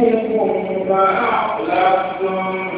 منكم فأخلفتم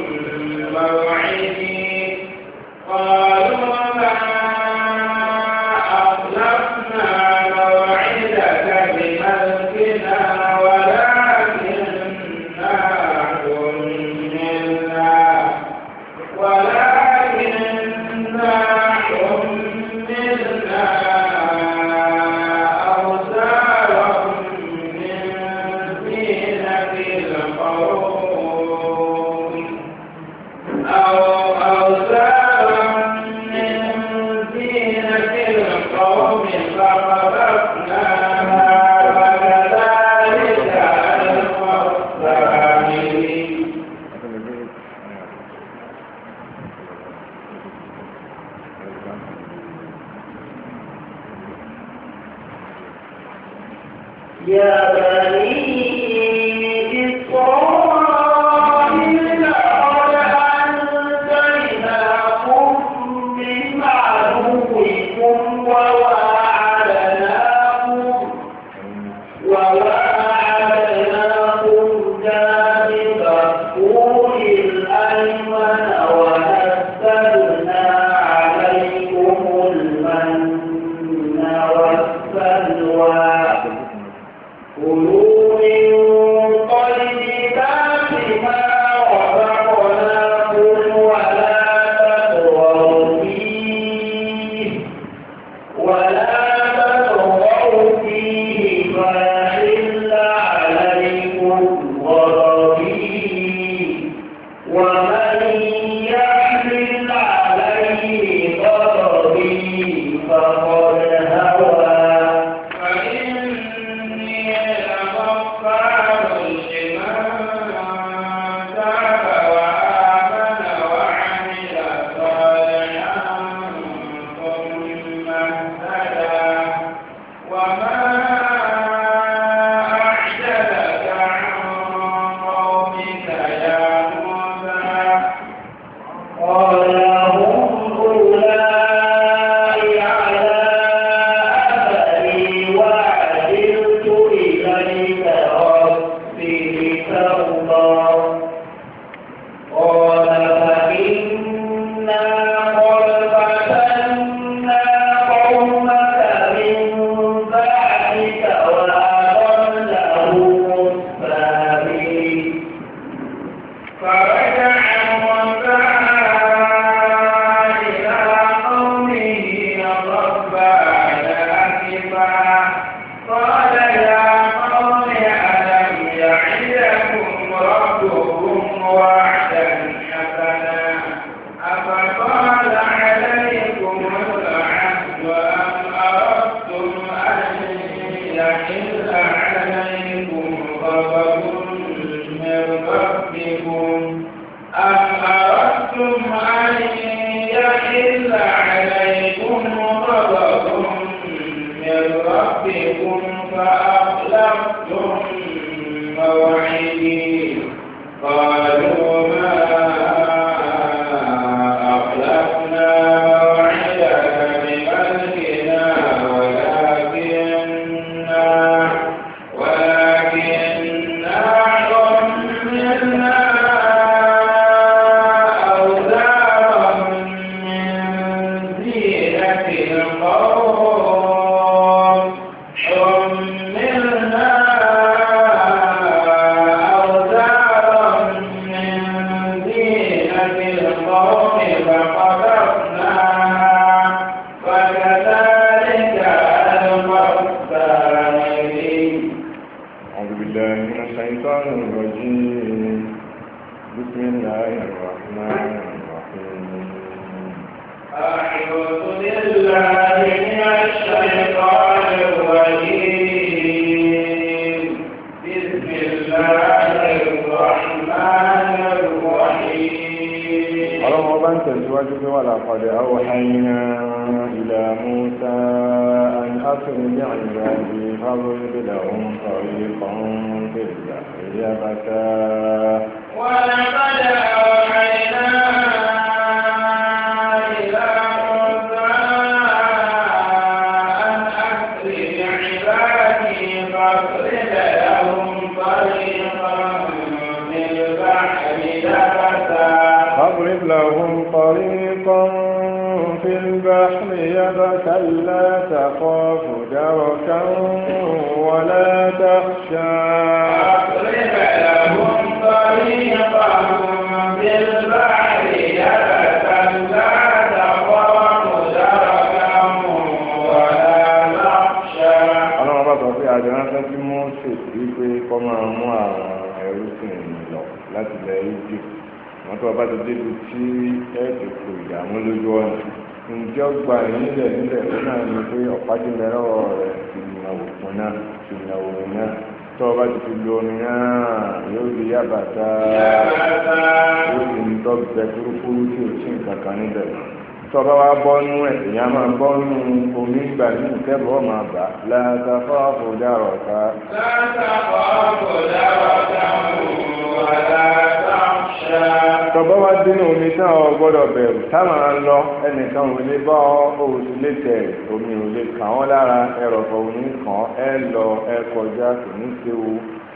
bínú omi tán ọ gbọ́dọ̀ bẹ̀rù táwọn á lọ ẹnìkan ò lè bá ọ lè tẹ̀ omi ò lè kàn ọ́ lára ẹrọ̀fọ̀ òní kàn ẹ lọ ẹ kọjá kò ní ṣe o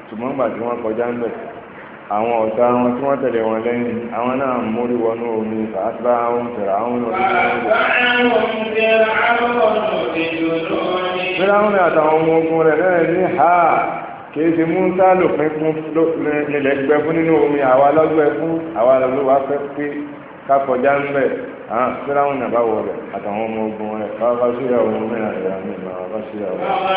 ṣùgbọ́n gbà tí wọ́n kọjá ń bẹ̀ àwọn ọ̀tá wọn tí wọ́n tẹ̀lé wọn lẹ́yìn àwọn náà mórí wọnú omi fàásùbá àwọn fèrè àwọn olùdíje wọn. fẹ́rẹ́ àwọn àtàwọn ọmọ ogun rẹ̀ lẹ́yìn ní ha kìí ṣe múnsá lòpin fún nílẹ̀ gbẹ fún nínú omi àwa lọ́gbẹ́ fún àwa lọ́gbẹ́ wa fẹ́ pé kakọjá ń bẹ̀ àwọn fúláwọn nàbà wọ̀ rẹ̀ àtàwọn ọmọ ogun rẹ̀ káwá bá síra òun mìíràn rẹ̀ àmì ìgbà wọn bá síra òun. bàbá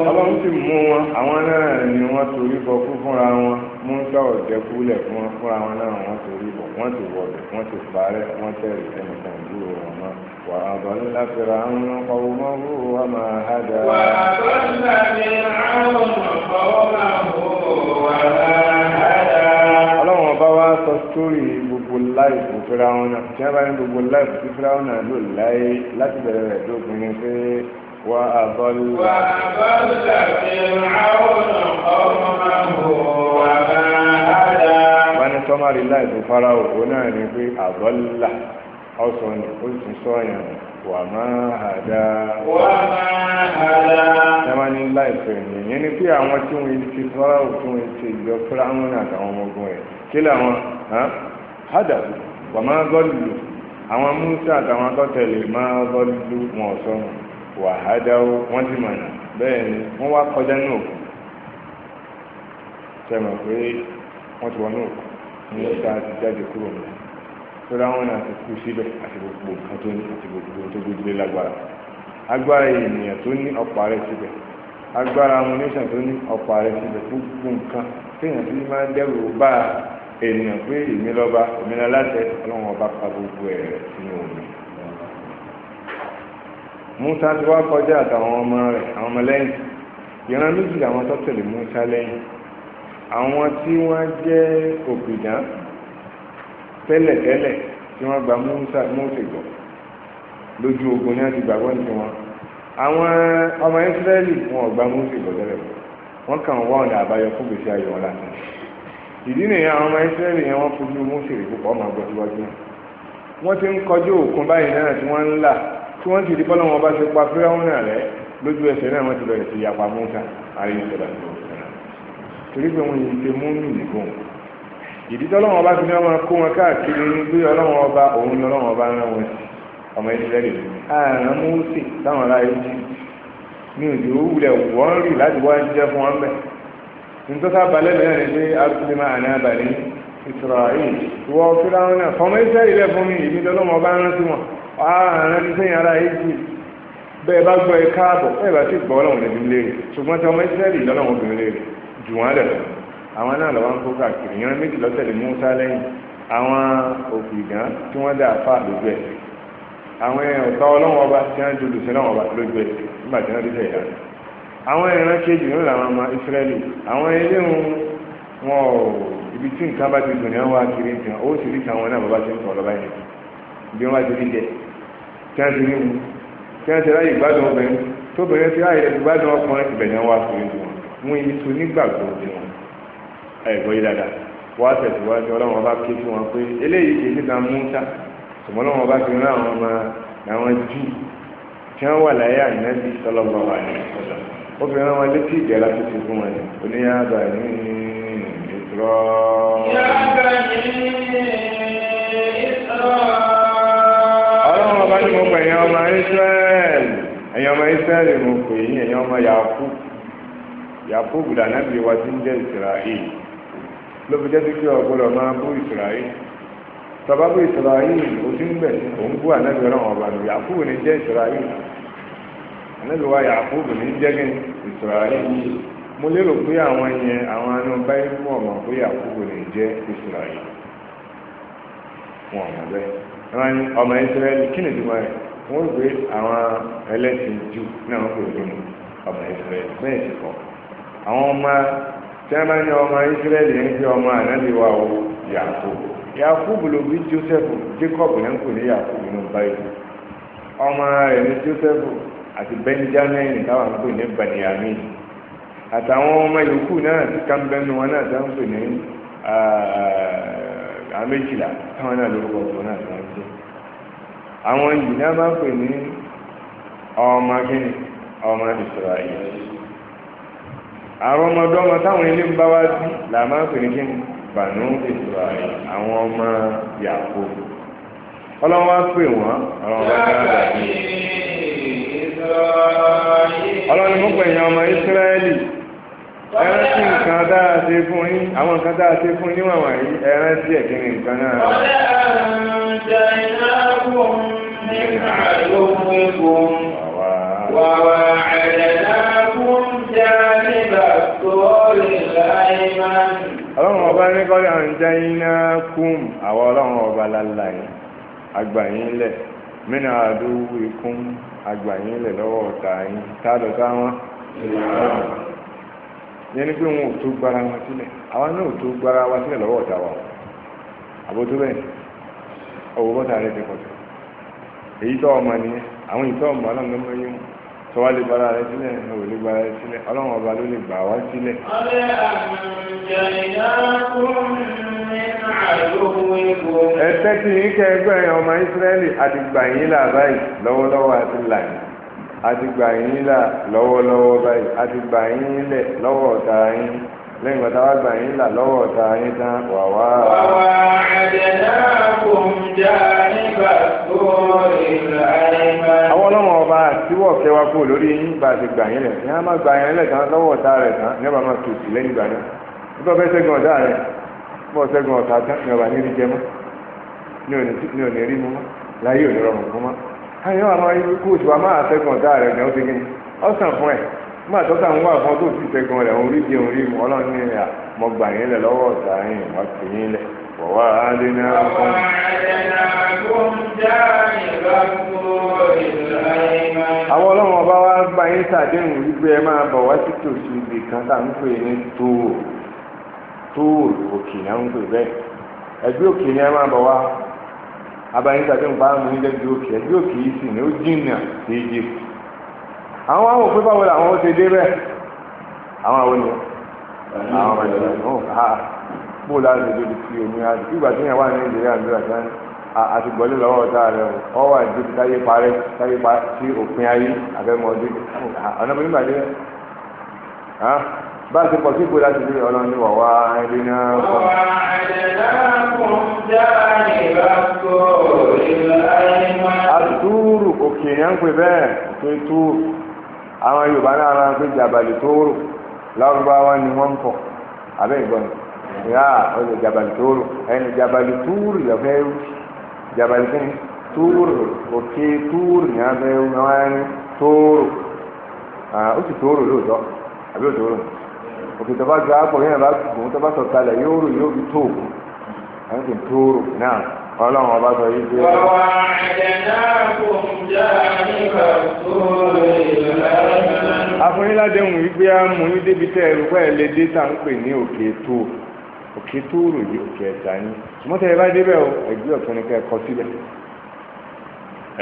ọlọ́run sì mú wọn àwọn náà ni wọ́n torí bọ fún fúnra wọn mú ń sọ̀rọ̀ jẹ́kúlẹ̀ fún wọn fúnra wọn náà wọ́n torí bọ wọ́n ti wọ̀bẹ̀ wọ́n ti parẹ́ wọ́n tẹ̀lé ẹnìkan وأضل فرعون قومه وما هدى وأضل فرعون قومه وما هدى ọlọ́run ọba wa sọ sórí gbogbo láìpù fíráwọn náà tí wọ́n bá ní gbogbo láìpù tí fíráwọn náà lò láyé láti bẹ̀rẹ̀ rẹ̀ tó gbìn ní pé wà á bọ́lú. wà á bọ́lú tàbí àwọn ọmọ máa ń bọ̀ wà máa ń dá. wọ́n ní sọ́mọ́rì láìpù fara òkú náà ní pé àbọ́lá. ọ̀sọ̀ ni ó sì sọ yàn wà máa wà máa ma ní láìpẹ́ nìyẹn pé àwọn tí wọ́n ti fara tí wọ́n ti yọ fúláwọn àtàwọn ọmọ ẹ̀ kí làwọn hàdá wà àwọn Musa àtàwọn akọ́tẹ̀lẹ̀ máa wọn wà hàdá wọ́n ti mọ̀nà bẹ́ẹ̀ ni wọ́n wá kọjá náà sẹ́mi pé wọ́n ti wọ́n ní àti jáde kúrò torí àwọn náà ti kú síbẹ̀ àti gbogbo nǹkan tó ní àti gbogbo tó gbójúlé lágbára agbára ènìyàn tó ní ọ̀pá rẹ̀ síbẹ̀ agbára amúnísàn tó ní ọ̀pá rẹ̀ síbẹ̀ gbogbo nǹkan téèyàn ti máa ń dẹ́rù bá ènìyàn pé èmi lọ́ba òmìnira láti ọlọ́run ọba pa gbogbo ẹ̀ sínú omi. Musa ti wá kọjá àtàwọn ọmọ rẹ̀ àwọn ọmọ lẹ́yìn ìran méjì làwọn tó tẹ̀lé Musa lẹ́yìn àwọn tí wọ́n jẹ́ òpìdán tẹ́lẹ̀tẹ́lẹ̀ tí wọ́n gba Musa Mose gbọ́ lójú ogun ní àti gbàgbọ́ ní tiwọn àwọn ọmọ Ísírẹ́lì wọn ò gba Mose gbọ́ tẹ́lẹ̀ gbọ́ wọ́n kàn wá ọ̀nà àbáyọ fún gbèsè ayọ̀ wọn láti ìdí nìyẹn àwọn ọmọ Ísírẹ́lì yẹn wọ́n fojú Mose rè púpọ̀ ọmọ àgbọ̀ síwájú náà wọ́n ti ń kọjú òkun báyìí náà tí wọ́n ń là tí wọ́n ti di bọ́lá wọn bá ṣe pa fíráwọn náà rẹ̀ lójú ẹsẹ̀ náà wọ́n ti bẹ̀rẹ̀ sí yapa Mose àríyìn sọ̀rọ̀ àti òkè náà torí pé ìdíjọ́ ọlọ́wọ́n ọba fi ní ọmọ kó wọn káàkiri ní pé ọlọ́wọ́n ọba òun ni ọlọ́wọ́n ọba rán wọn ọmọ ìsirẹ́lì ààrùn mọ́ọ́sì táwọn ará yìí ní òjò wulẹ̀ wọ́n rì láti wá jẹ́ fún wọn bẹ́ẹ̀ nítorí balẹ̀ bẹ́ẹ̀ ni pé arúgbó máa ní abalẹ̀ Israeli wọ fúláwọn náà fọmọ ìsirẹ́lì rẹ fún mi ìdíjọ́ ọlọ́wọ́n ọba rán sí wọn ààrùn sẹ́yìn ará yìí bẹ́ẹ̀ bá gbọ́ ẹ káàbọ̀ bẹ́ẹ̀ bá sì gbọ́ ọlọ́wọ́n àwọn náà lọ́wọ́ ń kó káàkiri ìran méjì lọ́tẹ̀lẹ̀ Musa lẹ́yìn àwọn òkùnìdán tí wọ́n dá àfa lójú ẹ̀ àwọn ọ̀tá ọlọ́wọ́n ọba tí wọ́n dúdú sí ọlọ́wọ́n ọba lójú ẹ̀ nígbà tí wọ́n dúdú ìdáná àwọn ìran kejì ló làwọn ọmọ Ísírẹ́lì àwọn ilé wọn ò ibi tí nǹkan bá ti dùn ní wọn wá kiri nǹkan ó sì rí tàwọn náà bàbá ti ń tọ̀ lọ́ba yẹn bí wọ́n bá ti rí jẹ tí wọ́n ẹ̀gbọ́n yìí dáadáa wọ́n á tẹ̀síwájú ọlọ́run ọba ké fún wọn pé eléyìí kì í síta múta ṣùgbọ́n ọlọ́run ọba fi rán àwọn ọmọ àwọn jù tí wọ́n wà láyé ànábì sọlọ́gbọ̀n wà ní ọ̀dọ̀ ó fi rán wọn létí ìdẹ́ra tó ti fún wọn oníyàgbà ní ìṣòro. ọlọ́run ọba ni mo pè ẹ̀yin ọmọ Ísírẹ́lì ẹ̀yin ọmọ Ísírẹ́lì mo pè yín ẹ̀yin ọmọ Yakub Yakub lànàbì wa ti ń jẹ́ Ísírẹ́lì ló fi jẹ́ pé ọ̀gbọ́dọ̀ máa bú ìsìráyé tọba bú ìsìráyé ó ti ń bẹ̀ òun bú ànábì ọ̀rọ̀ ọ̀bà lò yàkúbù ní jẹ́ ìsìráyé ànábì wa yàkúbù ní jẹ́ ìsìráyé mo lérò pé àwọn yẹn àwọn anú báyìí mú ọmọ pé yàkúbù ní jẹ́ ìsìráyé wọn ọmọ bẹ́ẹ̀ wọn ọmọ ìsìráyé kí ni ìdúmọ̀ rẹ̀ wọ́n gbé àwọn ẹlẹ́sìn jù náà wọ́n pè é ọmọ ìsìráyé bẹ́ẹ̀ sì kọ́ àwọn ọmọ tẹ́lá ní ọmọ Ísírẹ́lì ń fi ọmọ ànábì o Yakubu Yakubu ló Joseph Jacob ní ń pè ní Yakubu nínú báyìí ọmọ rẹ̀ Joseph àti Benjamin táwọn ń pè ní Benjamin àtàwọn ọmọ yòókù náà ti ká ń bẹnu wọn náà táwọn ń pè ní àméjìlá táwọn náà lórúkọ tó náà tó ń jẹ àwọn yìí náà máa ń ní ọmọ kíni ọmọ Ísírẹ́lì àwọn ọmọdọ́mọ táwọn ilé ń bá wá sí là máa ń pè ní kí ni bànú Ísírẹ́lì àwọn ọmọ yàgò ọlọ́run wá pè wọ́n ọlọ́run wá dáadáa ọlọ́run mú pè yàn ọmọ Ísírẹ́lì ẹrántí nǹkan dáa ṣe fún yín àwọn nǹkan dáa ṣe fún yín wọ̀nyí yìí ẹrántí ẹ̀kí ni nǹkan náà. ọlọ́run jẹ́ iná fún mi àlọ́ fún mi fún wàwà ẹ̀dá fún jáde. ọlọ́run ọba ní kọ́lé àwọn jẹ́ iná kúm àwọn ọlọ́run ọba la yín mínà àdúgbò ikún agbàyín lọ́wọ́ ọ̀tá yín tálọ̀ wọn yẹn ni pé wọn ò tó gbára wọn sílẹ̀ àwọn náà ò tó gbára wa sílẹ̀ lọ́wọ́ àbótó bẹ́ẹ̀ ọ̀wọ́ bọ́tà rẹ̀ ti pọ̀ tó èyí tó ọmọ nìyẹn àwọn ìtọ́ ọmọ ọlọ́run ló mọ tó wá lè gbára rẹ sílẹ̀ ní òwe lè gbára rẹ sílẹ̀ ọlọ́run ọba ló lè gbà wá sílẹ̀. ẹ̀tẹ́ tí yín kẹgbẹ́ ọmọ ìsírẹ́lì àdìgbà yín là báyìí lọ́wọ́lọ́wọ́ àti làyìn àdìgbà yín là lọ́wọ́lọ́wọ́ báyìí àdìgbà yín lẹ̀ lọ́wọ́ ọ̀tá yín. lẹ́yìn gbàtà wá gbà yín là lọ́wọ́ ọ̀tá yín tán wà wá. wàwá àdẹ̀dàkùn já nígbà tó ìlà àìmá. àwọn ọlọ́mọ ọba àtiwọ̀ kẹwàá kú lórí yín bá a ti gbà yín lẹ̀ ní a máa gbà yín lẹ̀ tán lọ́wọ́ rẹ̀ tán ní ọba máa tù sí lẹ́yìn gbà náà nígbà bẹ́ẹ̀ sẹ́gun rẹ̀ bọ́ sẹ́gun ọ̀tá tán ní ọba níbi jẹ mọ́ ní òní rí mọ́ láyé òní nígbà tó tàn wá fún ọdún tí ìṣẹ́gun rẹ̀ ń rí di orí mu ọlọ́run ní ìyá mo gbà yín lẹ̀ lọ́wọ́ ọ̀tá yín wọ́n ti yín lẹ̀ wọ́wọ́ adéná fún. àwọn ọlọ́run ọba wa gba yín sàdéhùn wípé ẹ máa bọ̀ wá sí tòsí ibì kan tá à ń pè ni ẹ máa bọ̀ wá abayín sàdéhùn òkè ẹgbẹ́ àwọn àwọn òpin báwo làwọn ó ṣe dé bẹ́ẹ̀ àwọn àwọn ènìyàn àwọn ọmọ ìjọba ìmọ̀ ha bó láti ṣe débi omi àti ìgbà tí yẹn wà ní Nàìjíríà ń bẹ̀rẹ̀ sẹ́ni àti gbọ́lé lọ́wọ́ ọ̀tá rẹ̀ ọ wà débi táyé parẹ́ táyé pa sí òpin ayé àfẹ́mọ́ ọ̀nà bí nígbà dé bá a ti pọ̀ sí ìpò láti dé ọlọ́run ní wàwá ẹbí náà kọ́. wà á jẹ́ náà jáde bá kọ́ ìlà ẹ̀ma. àtúrù òkè ni à ń pè bẹ́ẹ̀ òkè túrù àwọn yorùbá náà máa ń pè jàbàlì tóóró lárúbáwá ni wọ́n ń kọ̀ abẹ́ ìgbọ́n ìyá ọ̀dọ̀ jàbàlì tóóró ẹni jàbàlì tóóró lọ́fẹ́ rú jàbàlì kí ni tóóró òkè tóóró ni wọ́n fẹ́ rú ni wọ́n á ní tóóró ó sì tóóró lóòótọ́ àbí òtóóró òkè tó bá gbà á yẹn bá gùn tó bá sọ̀ kalẹ̀ yóò rò yóò fi tóóró àwọn kì í tóóró náà ọlọ́run ọba sọ yìí pé. wàá àjẹ̀dá kò já nípa tó ìlànà. afúniládéhùn wípé a mú yín débi tẹ́ ẹ̀rù pẹ́ lé dé tá à ń pè ní òkè tó òkè tó rò yìí òkè ẹ̀dá yín ṣùgbọ́n tẹ́ ẹ bá débẹ̀ o ẹgbẹ́ ọ̀tún ni kẹ́ ẹ kọ síbẹ̀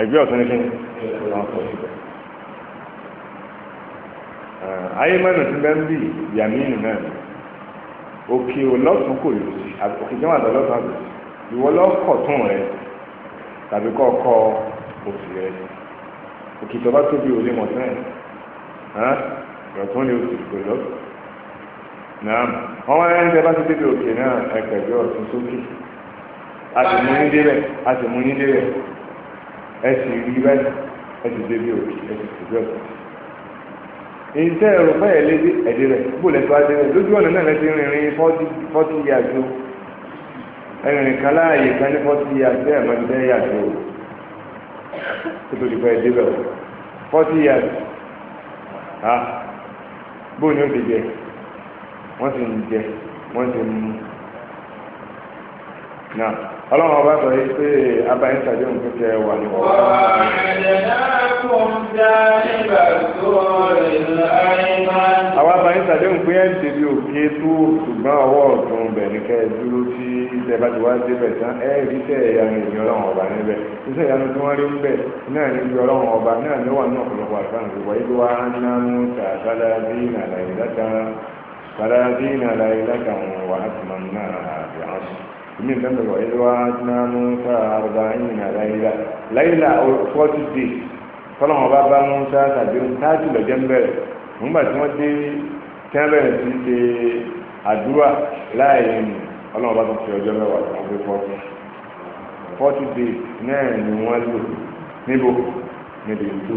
ẹgbẹ́ ọ̀tún ni kẹ́ ẹ kọ síbẹ̀ ayé mọ́nà tí bẹ́ẹ̀ ń bì yàmínú náà òkè ò lọ́sùn kò lòsì òkè jẹ́wọ́n àtọ́lọ́sùn àtọ́lọ́sùn ìwọ lọ kọ tún rẹ tàbí kọ kọ òsì rẹ òkè tó bá tóbi òde mọ sẹ́yìn hàn ìrọ̀tún ni òsì pẹ̀lú náà wọn wá ẹni tẹ bá ti débi òkè náà ẹgbẹ̀gbẹ̀ ọ̀tún sókè a sì mú ní débẹ̀ a sì mú ní débẹ̀ ẹ sì rí báyìí ẹ sì débi òkè ẹ sì pẹ̀lú ọ̀tún ìṣe ẹ̀rọ bẹ́ẹ̀ lébi ẹ̀dí rẹ̀ bó lẹ́tọ́ adé rẹ̀ lójú ọ̀nà náà lẹ́sìn rìnrìn fọ́tí fọ́tí ẹnìyàn kan láàyè kan ní fọ́tí yàtí ẹ̀ máa o tó tó ti fẹ́ débẹ̀ o fọ́tí yàtí ha bóun ni ó ti jẹ wọ́n ti ń jẹ wọ́n ti ń mú náà ọlọ́run ọba sọ yìí pé abayé sàdé nǹkan tẹ wà ní wọ́n. àwọn abayé sàdé nǹkan yẹn ti di òkè tó ṣùgbọ́n ọwọ́ ọ̀tún kẹ́ ẹ tẹ bá ti wá débẹ̀ tán ẹ rí tẹ ìyanu ìbí ọlọ́run ọba níbẹ̀ iṣẹ́ ìyanu tí wọ́n rí ń bẹ̀ náà ní ìbí ọlọ́run ọba náà ní wà ní ọ̀pọ̀lọpọ̀ àlùfáàlù ìwà ibi wa ná mú ta sáládínà láìláta sáládínà láìláta wọn wà á ti máa ná àbí àṣù ìmí nǹkan bẹ̀rẹ̀ wà ibi wa ná mú ta arba'ina láìlá láìlá forty days tọ́lọ́run ọba bá mú ta tàbí táàtì lọ́jẹ́ ń bẹ̀rẹ̀ nígbà tí wọ́n dé tẹ́lẹ̀ sí ṣe àdúrà láàyè ọlọ́run bá tún fi ọjọ́ mẹ́wàá tó ń gbé days náà ni wọ́n lò níbo níbi ìlú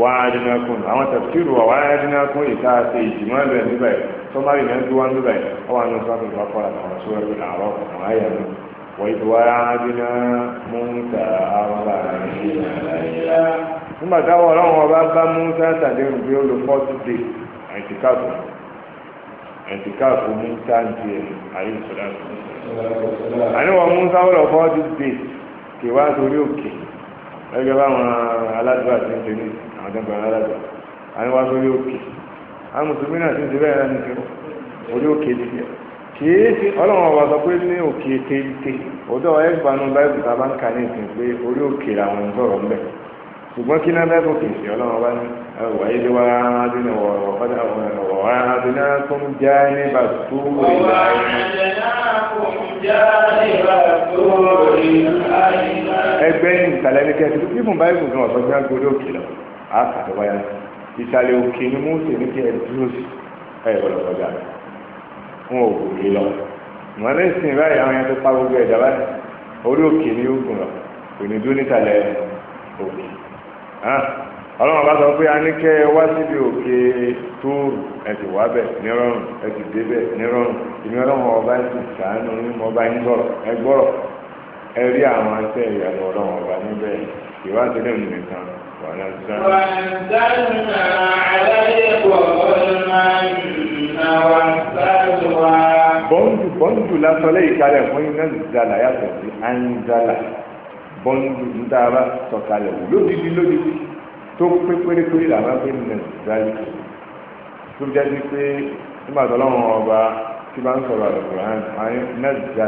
wàá adínákùn àwọn tafsiru wàá adínákùn ìta àti ìjìmọ̀ ẹ̀ níbẹ̀ sọmárì náà na wá níbẹ̀ ọwọ́ àánú sábà bá fọ́ra àwọn sọ́wọ́ àárọ̀ àwọn àyà náà wọ́n ti wá adíná mú ta àwọn àrà nígbà táwọn ọlọ́run ọba bá mú ẹ̀tìkáàfù múta di ẹ̀ àyíṣọ́lá àníwọ̀n múta wọ́lọ̀ fọ́ọ̀dì dé kì wá sórí òkè ẹgbẹ́ oke aládùúgbà ti ń ní àwọn tẹ́gbà aládùúgbà àníwá sórí òkè mùsùlùmí náà bẹ́ẹ̀ orí òkè ti ọlọ́run ọba sọ pé ní òkè báyìí bá ń ní orí òkè làwọn ń sọ̀rọ̀ ṣùgbọ́n kí náà lẹ́kọ̀ọ́ kì í ṣe ọlọ́run bá ní ẹwà ilé wa adúlé wọ̀rọ̀ fọ́dà wọ̀rọ̀ wa adúlé tó ń já nígbà tó rí láyé. ẹgbẹ́ ní ìsàlẹ̀ ní kẹ́kẹ́ tó fífún báyìí kò sọ̀rọ̀ sọ́jà gbọdọ̀ òkè lọ àkàtọ̀ wáyà ìsàlẹ̀ òkè ni mọ́tò ní kí ẹ dúró sí ẹ gbọdọ̀ sọ́jà fún òkè lọ. mọ̀ ní ìsìn báyìí àwọn yẹn tó pa gbogbo ẹ̀dá ọlọ́run bá sọ pé a ní kẹ́ wá síbi òkè tóòrù ẹ wá bẹ̀ nírọ̀rùn ẹ ọba ẹ sàánú ní ọba yín gbọ́rọ̀ ẹ gbọ́rọ̀ ẹ rí àwọn ọba níbẹ̀ ìwádìí lẹ́nu nìkan wà náà sá. wà na bọ́ńdù bọ́ńdù lásán lẹ́yìn kalẹ̀ fún iná yàtọ̀ sí bọ́ńdù níta bá sọ̀kalẹ̀ wò lódìdí lódìdí tó pé pérépéré làwọn pé nà ìdájú tó jẹ́ sí pé nígbà tó lọ́wọ́ ọba tí bá ń sọ̀rọ̀ àlùkùrán ayé nàìjíríà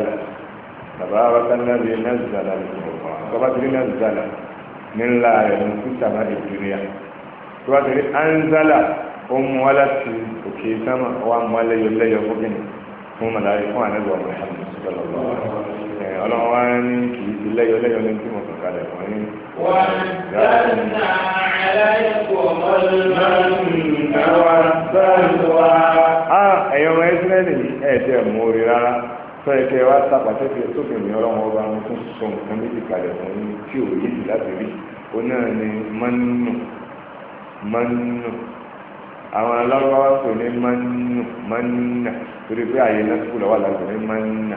bàbá abakanlábi nàìjíríà lùkùrán bàbá tí nàìjíríà ní ńlá rẹ̀ ní kùsàmà nàìjíríà tó bá tẹ̀lé anzala ó mú wá láti òkè sámà wá mú alẹ́yọ lẹ́yọ fún kí fún màláyé fún ànágbọ̀n mọ̀ ọlọ́run wá ní kì í ti lẹ́yọ lẹ́yọ lẹ́yìn tí mo sọ kalẹ̀ fún yín. wọ́n dáná aláìkò ọlọ́run wá sọ́ọ̀lù wá. ẹ̀yin ọmọ ìsírẹ́lì yìí ẹ̀ tẹ́ rárá sọ́yẹ́ kẹ́ wá sápàtẹ́ fi sófin mi ọlọ́run ọba mo tún sọ nǹkan méjì kalẹ̀ fún yín tí ò yé jù láti rí o náà ni mánú mánú àwọn alárúbáwá pè ní mánú mánú torí pé àyè náà kúlọ̀ wà láti ní mánú.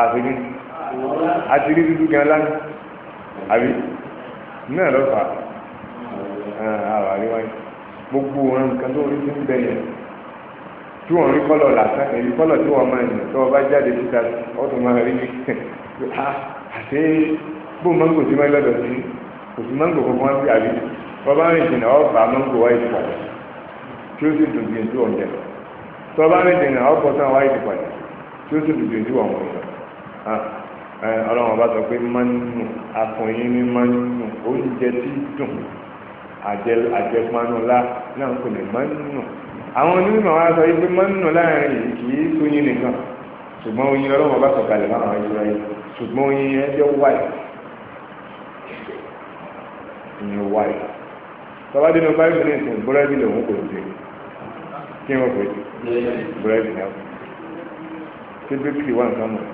àfihàn àti rí dúdú gan lánàá àbí náà lọ fà àwọn àríwáyé gbogbo wọn nǹkan tó rí sí ń bẹ yẹn tí wọn rí kọlọ làásán èyí kọlọ tí wọn máa yàn tí wọn bá jáde síta ọtún máa rí ah, àti bó mango ti máa lọ́dọ̀ sí kò sí mango kankan sí àbí wọn bá rìn jìnnà ọba mango wáyé ti pàdé tí ó sì dùn bíi ètò ọ̀jẹ̀ tí wọn bá rìn jìnnà ọkọ̀ sàn wáyé ti pàdé tí ó sì dùn bíi ètò ọ̀jẹ̀ Ah, ọlọ́run bá sọ pé mánú akùnrin ní mánú oúnjẹ tí dùn àjẹpanulá náà kò ní mánú àwọn onímọ̀ wa sọ pé mánú láàrin yìí kì í sóyin nìkan ṣùgbọ́n oyin ọlọ́run bá sọ kalẹ̀ máa wáyé wáyé ṣùgbọ́n oyin ẹjọ́ wáyé ìyẹn wáyé tọ́ba dínú five minutes ní búrẹ́dì lòun kò dé kí wọ́n pè é búrẹ́dì náà kí bíkì wà nǹkan mọ̀.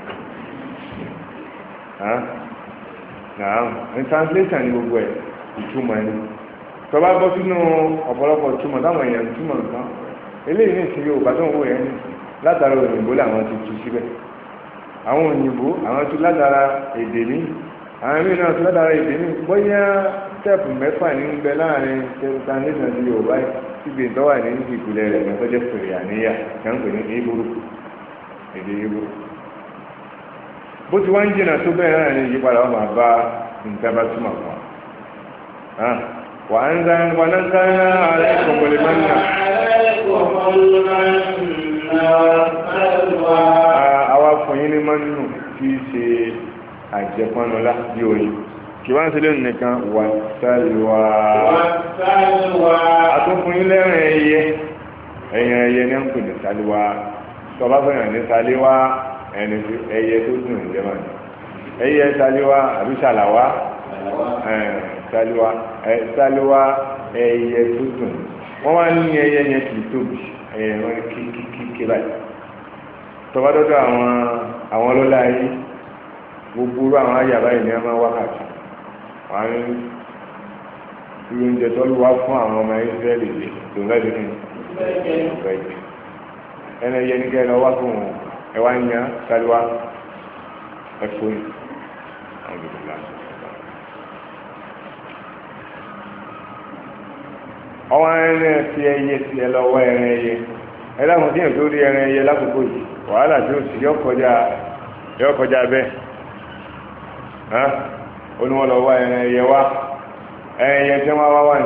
náà ní translation ni gbogbo ẹ̀ ìtumọ̀ ẹni tọ́ba bọ́ sínú ọ̀pọ̀lọpọ̀ ìtumọ̀ táwọn èèyàn túmọ̀ nǹkan eléyìí ní ìsinyìí òbá tó ń wò látara òyìnbó làwọn ti tu síbẹ̀ àwọn òyìnbó àwọn tu látara èdè ní àwọn ẹ̀mí náà tu látara èdè ní bóyá mẹ́fà ní ń bẹ láàrin translation ti yorùbá síbi ìtọ́wà ní ìpìlẹ̀ rẹ̀ àníyà kí wọ́n pè ní èdè bó ti wá ń jìnà tó bẹ́ẹ̀ náà ni ìyípadà wọn máa bá nǹkan bá túmọ̀ fún wa. wà á ń zá wà á ń zá ààrẹ kòkòlè máa ń nà. àwa fún yín ní máa ń nù kí í ṣe àjẹpọnlọlá bí oyin kì wá ń sílẹ̀ nìkan wà sálùwà. àtúnfún yín lẹ́rìn ẹyẹ ẹ̀yìn ẹyẹ ní à ń pè ní sálùwà. sọ bá fẹ́ràn ní sálùwà. ẹni ẹyẹ tó dùn nye jẹun ẹyẹ taliwa àbí ṣàlàwà taliwa taliwa ẹyẹ tó dùn ní ẹyẹ yẹn kì í tóbi ẹyẹ wọn kíkíkí báyìí tọ́bádọ́dọ́ àwọn àwọn ọlọ́lá yìí gbogbo àwọn ni a máa wákàtí wọ́n á ní oúnjẹ wá fún àwọn ọmọ tó ń bẹ́ẹ̀ ní ẹyẹ ẹ ẹwà ń yan kálíwá ẹ̀fọ́ yìí àwọn gbogbo náà. ọwọ́ ẹran ẹ̀fí ẹyẹ ti ẹ lọ́wọ́ ẹran ẹyẹ ẹ láwọn tí yẹn tó rí ẹran ẹyẹ lákòókò yìí wàhálà tí sì yọ kọjá yọ kọjá bẹ́ẹ̀ olùwọ́lọ́wọ́ ẹran ẹyẹ ẹyẹ tí wọ́n wá wà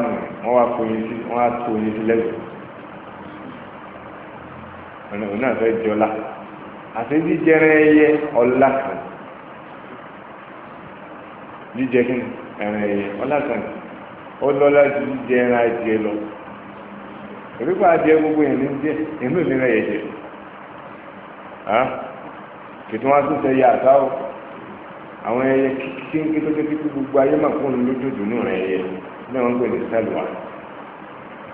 nù wọ́n wá kó yin sí tó yin sí ọ̀nà òun náà fẹ́ jọlá. àti jíjẹrẹ ẹyẹ ọlá kan jíjẹ kí ni ẹran ẹyẹ ọlá kan ó lọ́lá ju jíjẹ ẹran adìẹ lọ òrùka adìẹ gbogbo yẹn ní jẹ inú ìlera yẹ jẹ kìtì wọn tún sẹyẹ àtà o àwọn ẹyẹ kíkí kékeré gbogbo ayé máa kún un lójoojú nù rẹ ẹyẹ ní wọn gbé ní sálùwà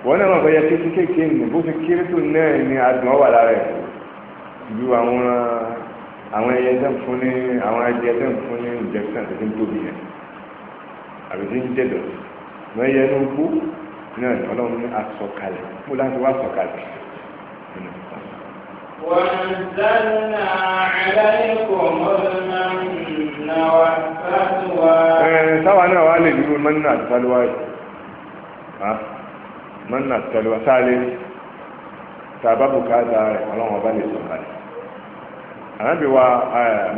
wọn náà wọn fẹyẹ kékeré kékeré ní bó fi kéré tó náà ní adùn ọwà lára ẹ ju àwọn àwọn ẹyẹ tẹ́ ń fún ní àwọn ẹyẹ tẹ́ ń fún ní injection tó ń tóbi yẹn àbí tí ń jẹ̀dọ̀ wọ́n yẹ inú gbó náà ní ọlọ́run ní asọ̀kalẹ̀ kó láti wá sọ̀kalẹ̀. عَلَيْكُمُ الْمَنَّ وَالسَّلْوَىٰ sáwa náà wàá lè dúró mọ́nà àtàlùwà mọ́nà àtàlùwà sáà lé tàbá bùkátà ọlọ́run ọba lè sọ̀kalẹ̀ ànábì wa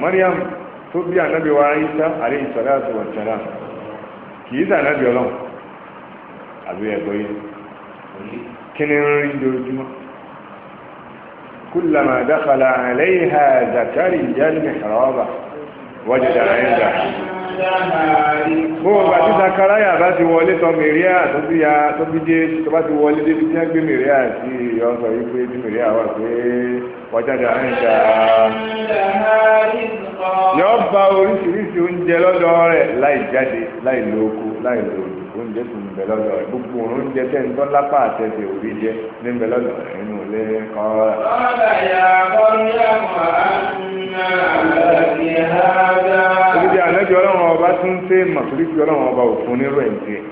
Mariam tó bí ànábì wa Isa alayhi salatu wa salam kì í sànábì ọlọ́run àbí ẹ̀gbọ́ yìí kí ni ń rí lójúmọ́ kullama dakhala alayha Zakariya al-mihraba wọ́jọ̀dà ẹ̀ńdà gbogbo àti sakaraya ya tó ti dé tó bá ti wọlé débi tí wọ́n gbé mẹ́ríà sí ọ̀sán yìí pé tí mẹ́ríà wà pé wọ́jọ̀dà ẹ̀ńdà yọ bá oríṣiríṣi oúnjẹ lọ́dọ̀ rẹ̀ láì jáde láì lóko láì lóko oúnjẹ tó ń bẹ lọ́dọ̀ rẹ̀ gbogbo oúnjẹ tẹ̀ ń tọ́ lápá àtẹ̀tẹ̀ òbí jẹ ní ń bẹ lọ́dọ̀ rẹ̀ nínú ilé kọ́. ọ̀rọ̀ yà kọ́ ní Ibi ànájọ́ ọlọ́run ọba tún ń tẹ́ màtúrísì ọlọ́run ọba òfin nírú ẹ̀ díẹ̀.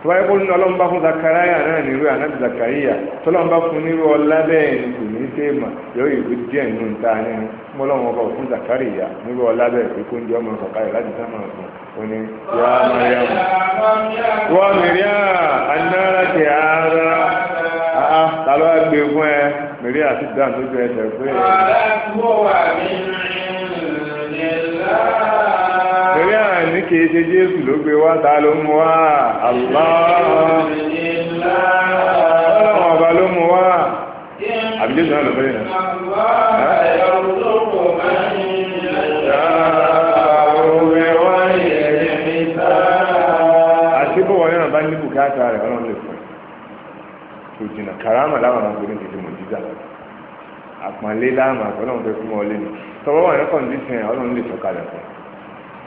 Tó báyé kó ní ọlọ́run bá fún Zakaria náà nírú ànájọ́ Zakaria tọ́lọ́run bá fún nírú ọlá bẹ́ẹ̀ ni kò ní tẹ́ mà yóò yìí díẹ̀ nínú ta ní mọ́ ọlọ́run ọba òfin Zakaria nírú ọlá bẹ́ẹ̀ pé kó ń jẹ́ ọmọ sọ̀kalẹ̀ láti sámà fún un ní yá Mariam. Wọ́n mìíràn àná láti àárá. Àá ta ló wá gbé fún ẹ? péré àti dáhùn lójú ẹsẹ̀ pé. péré àní kì í ṣe jésù ló gbé wá ta ló mú wá ọlọ́run ọba ló mú wá àbí jésù náà ló fẹ́ yẹn. àti bó wọlé náà bá ní bùkátà rẹ̀ ọlọ́run lè fún. tó jìnnà karama láwọn máa ń pè mọ̀jíjà àpọ̀nlé láàmà ọlọ́run fẹ́ fún ọ lẹ́nu tọwọ́ wà ní kọ̀ǹdíṣìn ọlọ́run lè sọ̀kalẹ̀ fún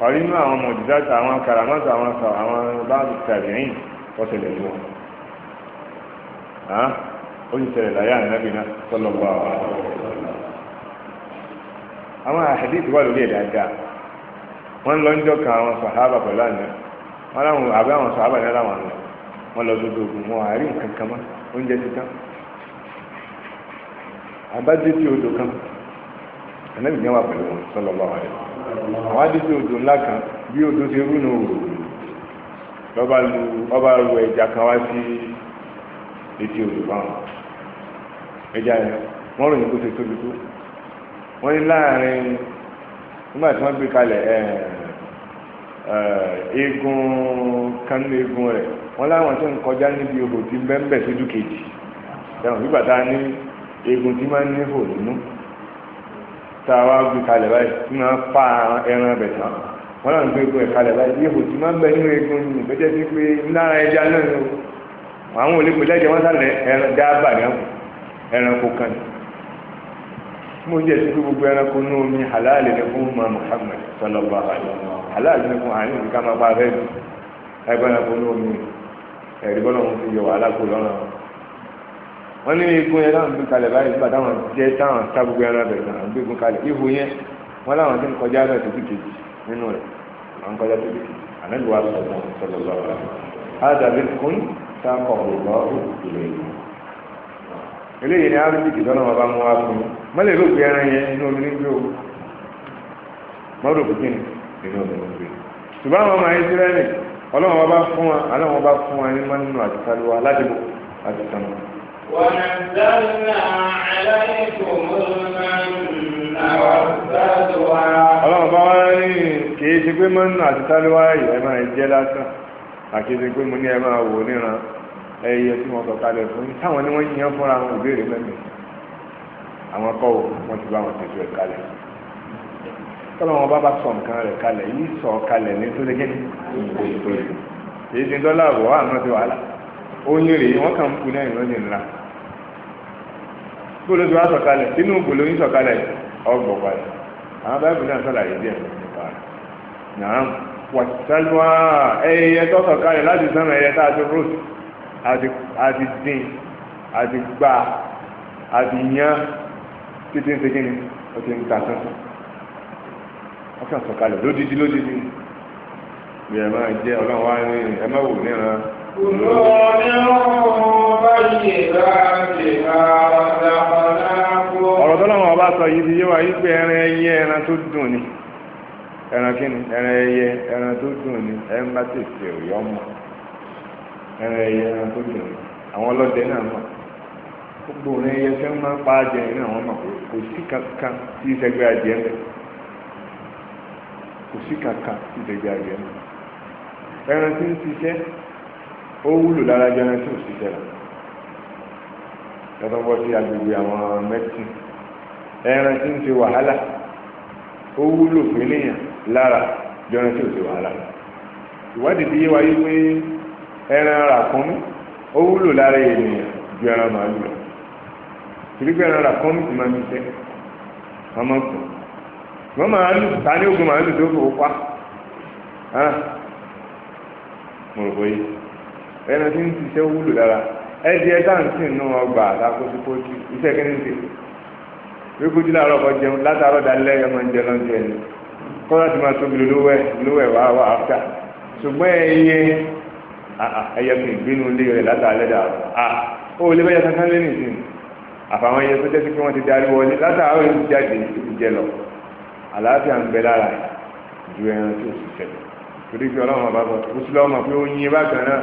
ọ̀rí inú àwọn mọ̀jíjà tó àwọn karamọ́tò àwọn sọ àwọn báàbù tàbí ẹ̀yìn ọ̀sẹ̀lẹ̀ lọ ó sì ṣẹlẹ̀ láyé ànábì náà sọ́lọ́ bá wa àwọn àhàdíìsì wà lórí ẹ̀dá lọ oúnjẹ ti tán àbájé tí odò kan ànábì gan wà pẹ̀lú wọn sọlọ bá wàlẹ̀ àwọn adé tí odò ńlá kan bí odò ti rú nù lọ́ba lu ọba lu ẹja kan wá sí etí odò báwọn ẹja yẹn wọ́n ròyìn kó ṣe tóbi tó wọ́n ní láàrin nígbà tí wọ́n gbé kalẹ̀ ẹ̀ẹ́ kan nínú eegun rẹ̀ wọn láwọn tó ń kọjá níbi odò tí bẹ́ńbẹ́ sójú kejì ẹ̀wọ̀n nígbà tá a ní egun tí máa ń ní fò nínú tá a wá gbé kalẹ̀ báyìí tí máa fa ẹran ẹbẹ̀ tán wọn láwọn gbé egun ẹ̀ kalẹ̀ báyìí bí èkó tí máa ń bẹ nínú egun ní ìgbẹ́jẹ́ sí pé lára ẹja náà ni o àwọn olùkọ́ jẹ́jẹ́ wọn sálẹ̀ ẹran dáàbà ní ẹranko kan mo jẹ́ sí pé gbogbo ẹranko ní omi halali ni fún ma Muhammad sallallahu alaihi halali ni fún àyìn ká máa pa abẹ́rẹ́ ẹgbẹ́ ẹranko ní omi ẹ̀rí bọ́lá wọn ti yọ wàhálà kó lọ́nà wọn ní igun yẹn láwọn gbé kalẹ̀ báyìí nígbà táwọn jẹ táwọn sá gbogbo yẹn lábẹ́ náà gbé igun kalẹ̀ ihò yẹn wọn láwọn ti ń kọjá náà tó kìkì nínú rẹ̀ wọn kọjá tó kìkì ànágbé wa sọ fún sọlọ lọ́wọ́ àdàbí kún sáàkọ̀ òwúrọ̀ ìlú ìlú eléyìí ni arúgbìkì tọ́nà wọn bá mú wa fún un mọ́lẹ̀ ló gbé ẹran yẹn inú omi ní gbé o mọ́rò kùkìn inú omi ní gbé ṣùgbọ́n àwọn ọmọ ayé ọlọ́run ọba fún wa ọlọ́run ọba fún wa ní mọ́nínú àti kálíwá aládìbò àti sàmù. ọlọ́run ọba wa ní kìí ṣe pé mọ́nínú àti kálíwá ẹ̀yà ẹ̀ máa jẹ́ lásán àti ṣe pé mo ní ẹ máa wò níran ẹyẹ tí wọ́n sọ kalẹ̀ fún yín táwọn ni wọ́n yíyan fúnra wọn ìbéèrè mẹ́mẹ́ àwọn kọ́ wọ́n ti bá wọn tẹ̀síwẹ̀ kalẹ̀ fún tọ́lọ́ wọn bá bá sọ nǹkan rẹ̀ kalẹ̀ yìí sọ kalẹ̀ ní tó dégé tó yìí èyí ti dọ́là àbọ̀ wà àmọ́ ti wàhálà oyin rèé wọ́n kàn ń kú náà ìrọ́jì ńlá bóòlù tí wọ́n sọ kalẹ̀ inú bòlù yín sọ kalẹ̀ ọgbọ̀ padà àwọn báyìí náà sọ̀làyé díẹ̀ nípa rẹ̀ nàá wàtálùwà ẹyẹ tó sọ kalẹ̀ láti sánmà ẹyẹ tá a ti rò àti dín àti gbà àti yán títí ń segin ni ó ti ń ta sánsán wọ́n kàn sọ̀kalẹ̀ lódidi lódidi bí ẹ máa jẹ́ ọlọ́run wá ní ẹ má wò níran. Kùnú onírúurú báyìí láti àràdà ọ̀nàkú. Ọ̀rọ̀ tọ́lọ́run ọba sọ yìí ti yé wa yí pé ẹran ẹyẹ ẹran tó dùn ni. Ẹran kí ni? Ẹran ẹyẹ ẹran tó dùn ni. Ẹ ń bá tètè òyọ́ mọ̀. Ẹran ẹyẹ ẹran tó dùn ni. Àwọn ọlọ́dẹ náà mọ̀ gbogbo òun ẹyẹ fẹ́ máa pa ajẹ́ náà wọ́n mọ̀ kò sí kankan tí ìṣẹ́gbẹ́ ajẹ́ kò sí kankan ìdẹ̀gbẹ̀ àgbẹ̀ nù ẹran tí ń ṣiṣẹ́ ó wúlò lára jẹ́ ẹran tí ò ṣiṣẹ́ rẹ̀ lọ́tọ́ bọ́ sí agbègbè àwọn mẹ́tì ẹran tí ń ṣe wàhálà ó wúlò fẹ́lẹ́yìn lára jẹ́ ẹran tí ò ṣe wàhálà ìwádìí fi yé wa yí pé ẹran ràkúnmí ó wúlò lára ènìyàn ju ẹran màálù lọ ìdígbẹ́ ẹran ràkúnmí ti máa ń ṣiṣẹ́ wọ́n mọ́ máa lù ta ní ogun máa lù tó fò pa mo rò bóyá ẹni tí ń ṣiṣẹ́ wúlò dára ẹdí ẹ̀dá ń sìn nù ọgbà àtàkóso pótì iṣẹ́ kí ni ń ṣe wíkútí làárọ̀ kọ jẹun látàárọ̀ dalẹ́ ọmọ ìjẹ lọ́njẹ ni kọ́lá ti máa tóbi lówẹ́ lówẹ́ wá wá áfíà ṣùgbọ́n ẹyẹ ẹyẹ fi ìgbínú ilé rẹ̀ látàálẹ́ dàrọ̀ à ó lè bẹ́yẹ kankan lé nìsín àfàwọn ẹyẹ tó jẹ́ sí pé wọ́n ti darí wọlé látàárọ̀ ìjáde ìjẹ lọ. àlàáfíà ń bẹ lára ju ẹran tí ò sì tẹ̀ torí pé ọlọ́run ọba kan kò sí lọ́mọ pé oyin bákan náà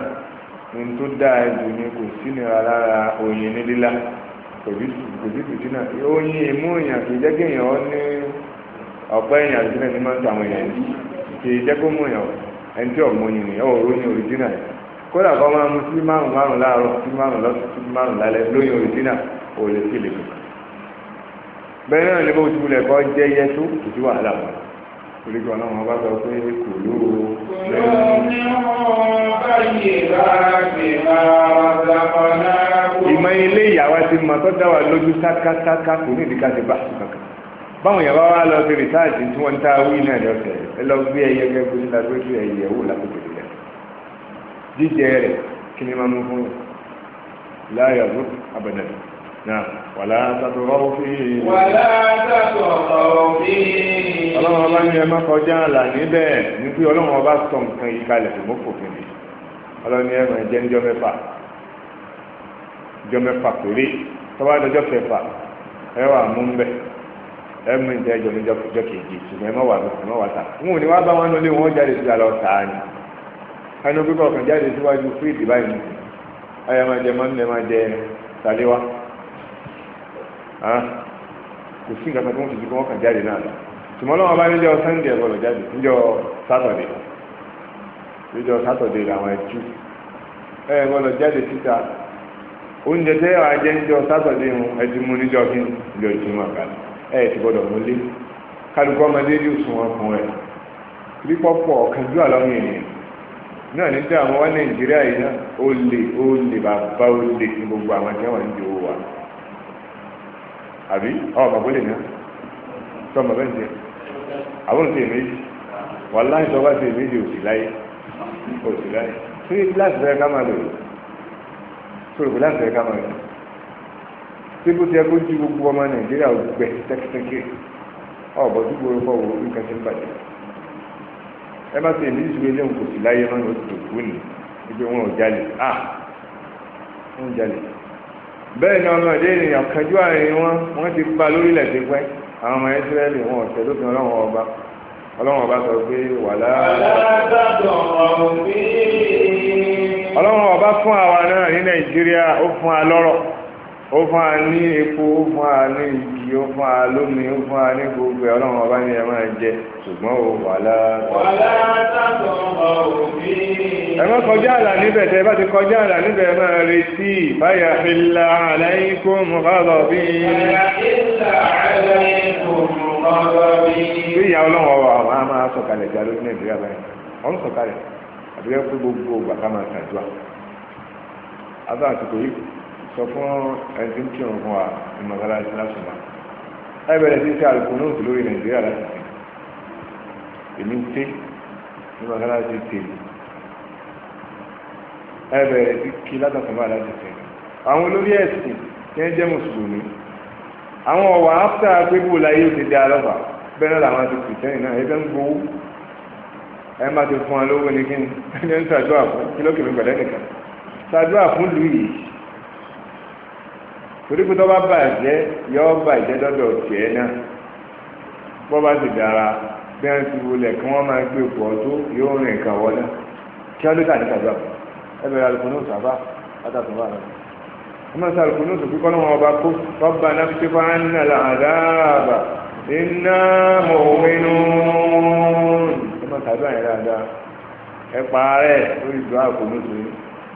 ní tó dáa jù ní kò sí nira lára oyin ní lílá kò sí náà èèyàn kì í ọ ní ọ̀pẹ́ èèyàn àti sílẹ̀ ní máa ń èèyàn kì í jẹ́ kó mú èèyàn ẹni tí yìí nìyẹn òrìjínà kódà kọ́ máa mú sí márùn bẹ́ẹ̀ náà ní bó ti wulẹ̀ kọ́ jẹ́ yẹ tó kò sí wàhálà wọn torí kí ọlọ́run ọba sọ pé kò lóró ìmọ̀ ilé ìyàwó ti mọ̀ tó dá wa lójú sákásáká kò ní ìdíkà ti bá kankan báwọn yàrá wa lọ sí rìsáàtì tí wọ́n ń ta wí náà lọ́sẹ̀ ẹ lọ gbé ẹyẹ gẹ́gẹ́ bí lágbé sí ẹyẹ wò lákòókò rẹ̀ jíjẹ rẹ̀ kí náà wàlá tàbùrọ̀ fi. wàlá tàbùrọ̀ fi. ọlọ́run ọba ní ẹ má kọjá àlà níbẹ̀ ní pé ọlọ́run ọba sọ nǹkan yìí kalẹ̀ tó mọ́ fòfin ni ọlọ́run ní ẹ máa jẹ́ níjọ́ mẹ́fà níjọ́ mẹ́fà péré tọ́wọ́ àdọ́jọ́ kẹfà ẹ wà mú ń bẹ̀ ẹ mú ìjẹ́ ìjọ níjọ́ kejì ṣùgbọ́n ẹ má wà ẹ má wà tà n ò ní wá bá wọn lọ lé wọn jáde sí alọ́ tàá ni ẹnu pípọ̀ kan jáde síwájú fún ìdìbà yìí ẹ máa jẹ mọ́nú ẹ máa jẹ tàlẹ́wà. Ah, kò sí nǹkan tó ń ṣe ju kí wọ́n kàn jáde náà lọ tùmọ̀ lọ́wọ́ bá níjọ́ sunday ẹ̀ bọ́lọ̀ jáde saturday níjọ́ saturday làwọn ẹ̀jú ẹ̀ bọ́lọ̀ jáde síta oúnjẹ tẹ́ ẹ̀ wá jẹ́ saturday mu ẹ̀ ti mú níjọ́ kí níjọ́ ìjìnwó àgbàdo ẹ̀ ti o le àbí ọ̀ bàbá lè ní sọ ma bẹ́ẹ̀ ń jẹ àwọn òsè méjì wà láì sọ bá ṣe méjì òsì láyé òsì láyé tí láti fẹ́ ká máa lò yìí sọ̀rọ̀ láti fẹ́ ká máa lò tí bó ti ẹ kó jí gbogbo ọmọ Nàìjíríà gbẹ tẹ́kítẹ́kí ọ̀bọ̀ tí gbogbo ọkọ̀ wo nǹkan ti ń bàjẹ́ ẹ bá ṣe méjì méjì òsì láyé máa ń lò tó kú ni ibi wọn ò jalè ah wọn ò jalè. bẹ́ẹ̀ ni ọmọ ìdí ènìyàn kanjú àárín wọn wọ́n ti gba lórílẹ̀ ti pẹ́ àwọn ọmọ ìsírẹ́lì wọn ọ̀sẹ̀ ọba ọlọ́run ọba ọlọ́run ọba sọ pé wàlá. ọlọ́run ọba fún àwa náà ní nàìjíríà ó fún wa ó fún a ní epo ó fún a ní igi ó fún a lómi ó fún a ní gbogbo ẹ̀ ọlọ́run ọba ní ẹ máa jẹ ṣùgbọ́n o wà látọ̀. ẹ má kọjá àlà níbẹ̀ tẹ́ bá ti kọjá àlà níbẹ̀ máa retí báyà ìlà aláìkum ghadabi. báyà ìlà aláìkum ghadabi. bí ìyá ọlọ́run ọba àwọn a máa sọ̀kalẹ̀ jà lójú nàìjíríà báyìí wọ́n sọ̀kalẹ̀ àbíkẹ́ sọ fún ẹni tí ń kí òun fún wa ní mọ́sálásí láti máa ẹ bẹ̀rẹ̀ sí ṣe àlùkò náà sí lórí nàìjíríà láti ṣe èmi ń ké ní mọ́sálásí tèmi ẹ bẹ̀rẹ̀ sí kí látàkùn bá láti ṣe àwọn olórí ẹ̀sìn tí wọ́n jẹ́ mùsùlùmí àwọn ọ̀wà áfíà gbégbó láyé ti di alọ́fà bẹ́ẹ̀ làwọn ti kìtẹ́yìn náà ẹgbẹ́ ń gbowó ẹ má ti fún wa lówó ní kí ni ẹni ń ṣàdúrà fún kí lókè mi gbẹ̀lẹ́ nìkan ṣàdúrà fún lùú torí pé tọ́ba bàjẹ́ yọ bàjẹ́ dọ́dọ̀ tiẹ̀ náà bọ́ba sì dára bí wọ́n ti wulẹ̀ kí wọ́n máa gbé pọ̀ tó yóò rìn nǹkan wọlé kí wọ́n ló tà ní kàdúrà ẹ bẹ̀rẹ̀ alùpùpù náà sábà látàtún wà lọ. wọ́n máa sàlùpùpù náà sọ pé kọ́nà wọn ọba kó tọ́ba náà fi fa ńnà làdáàbà iná mọ̀wínú. ẹ máa sàdúrà yẹn ẹ pa lórí ìdúrà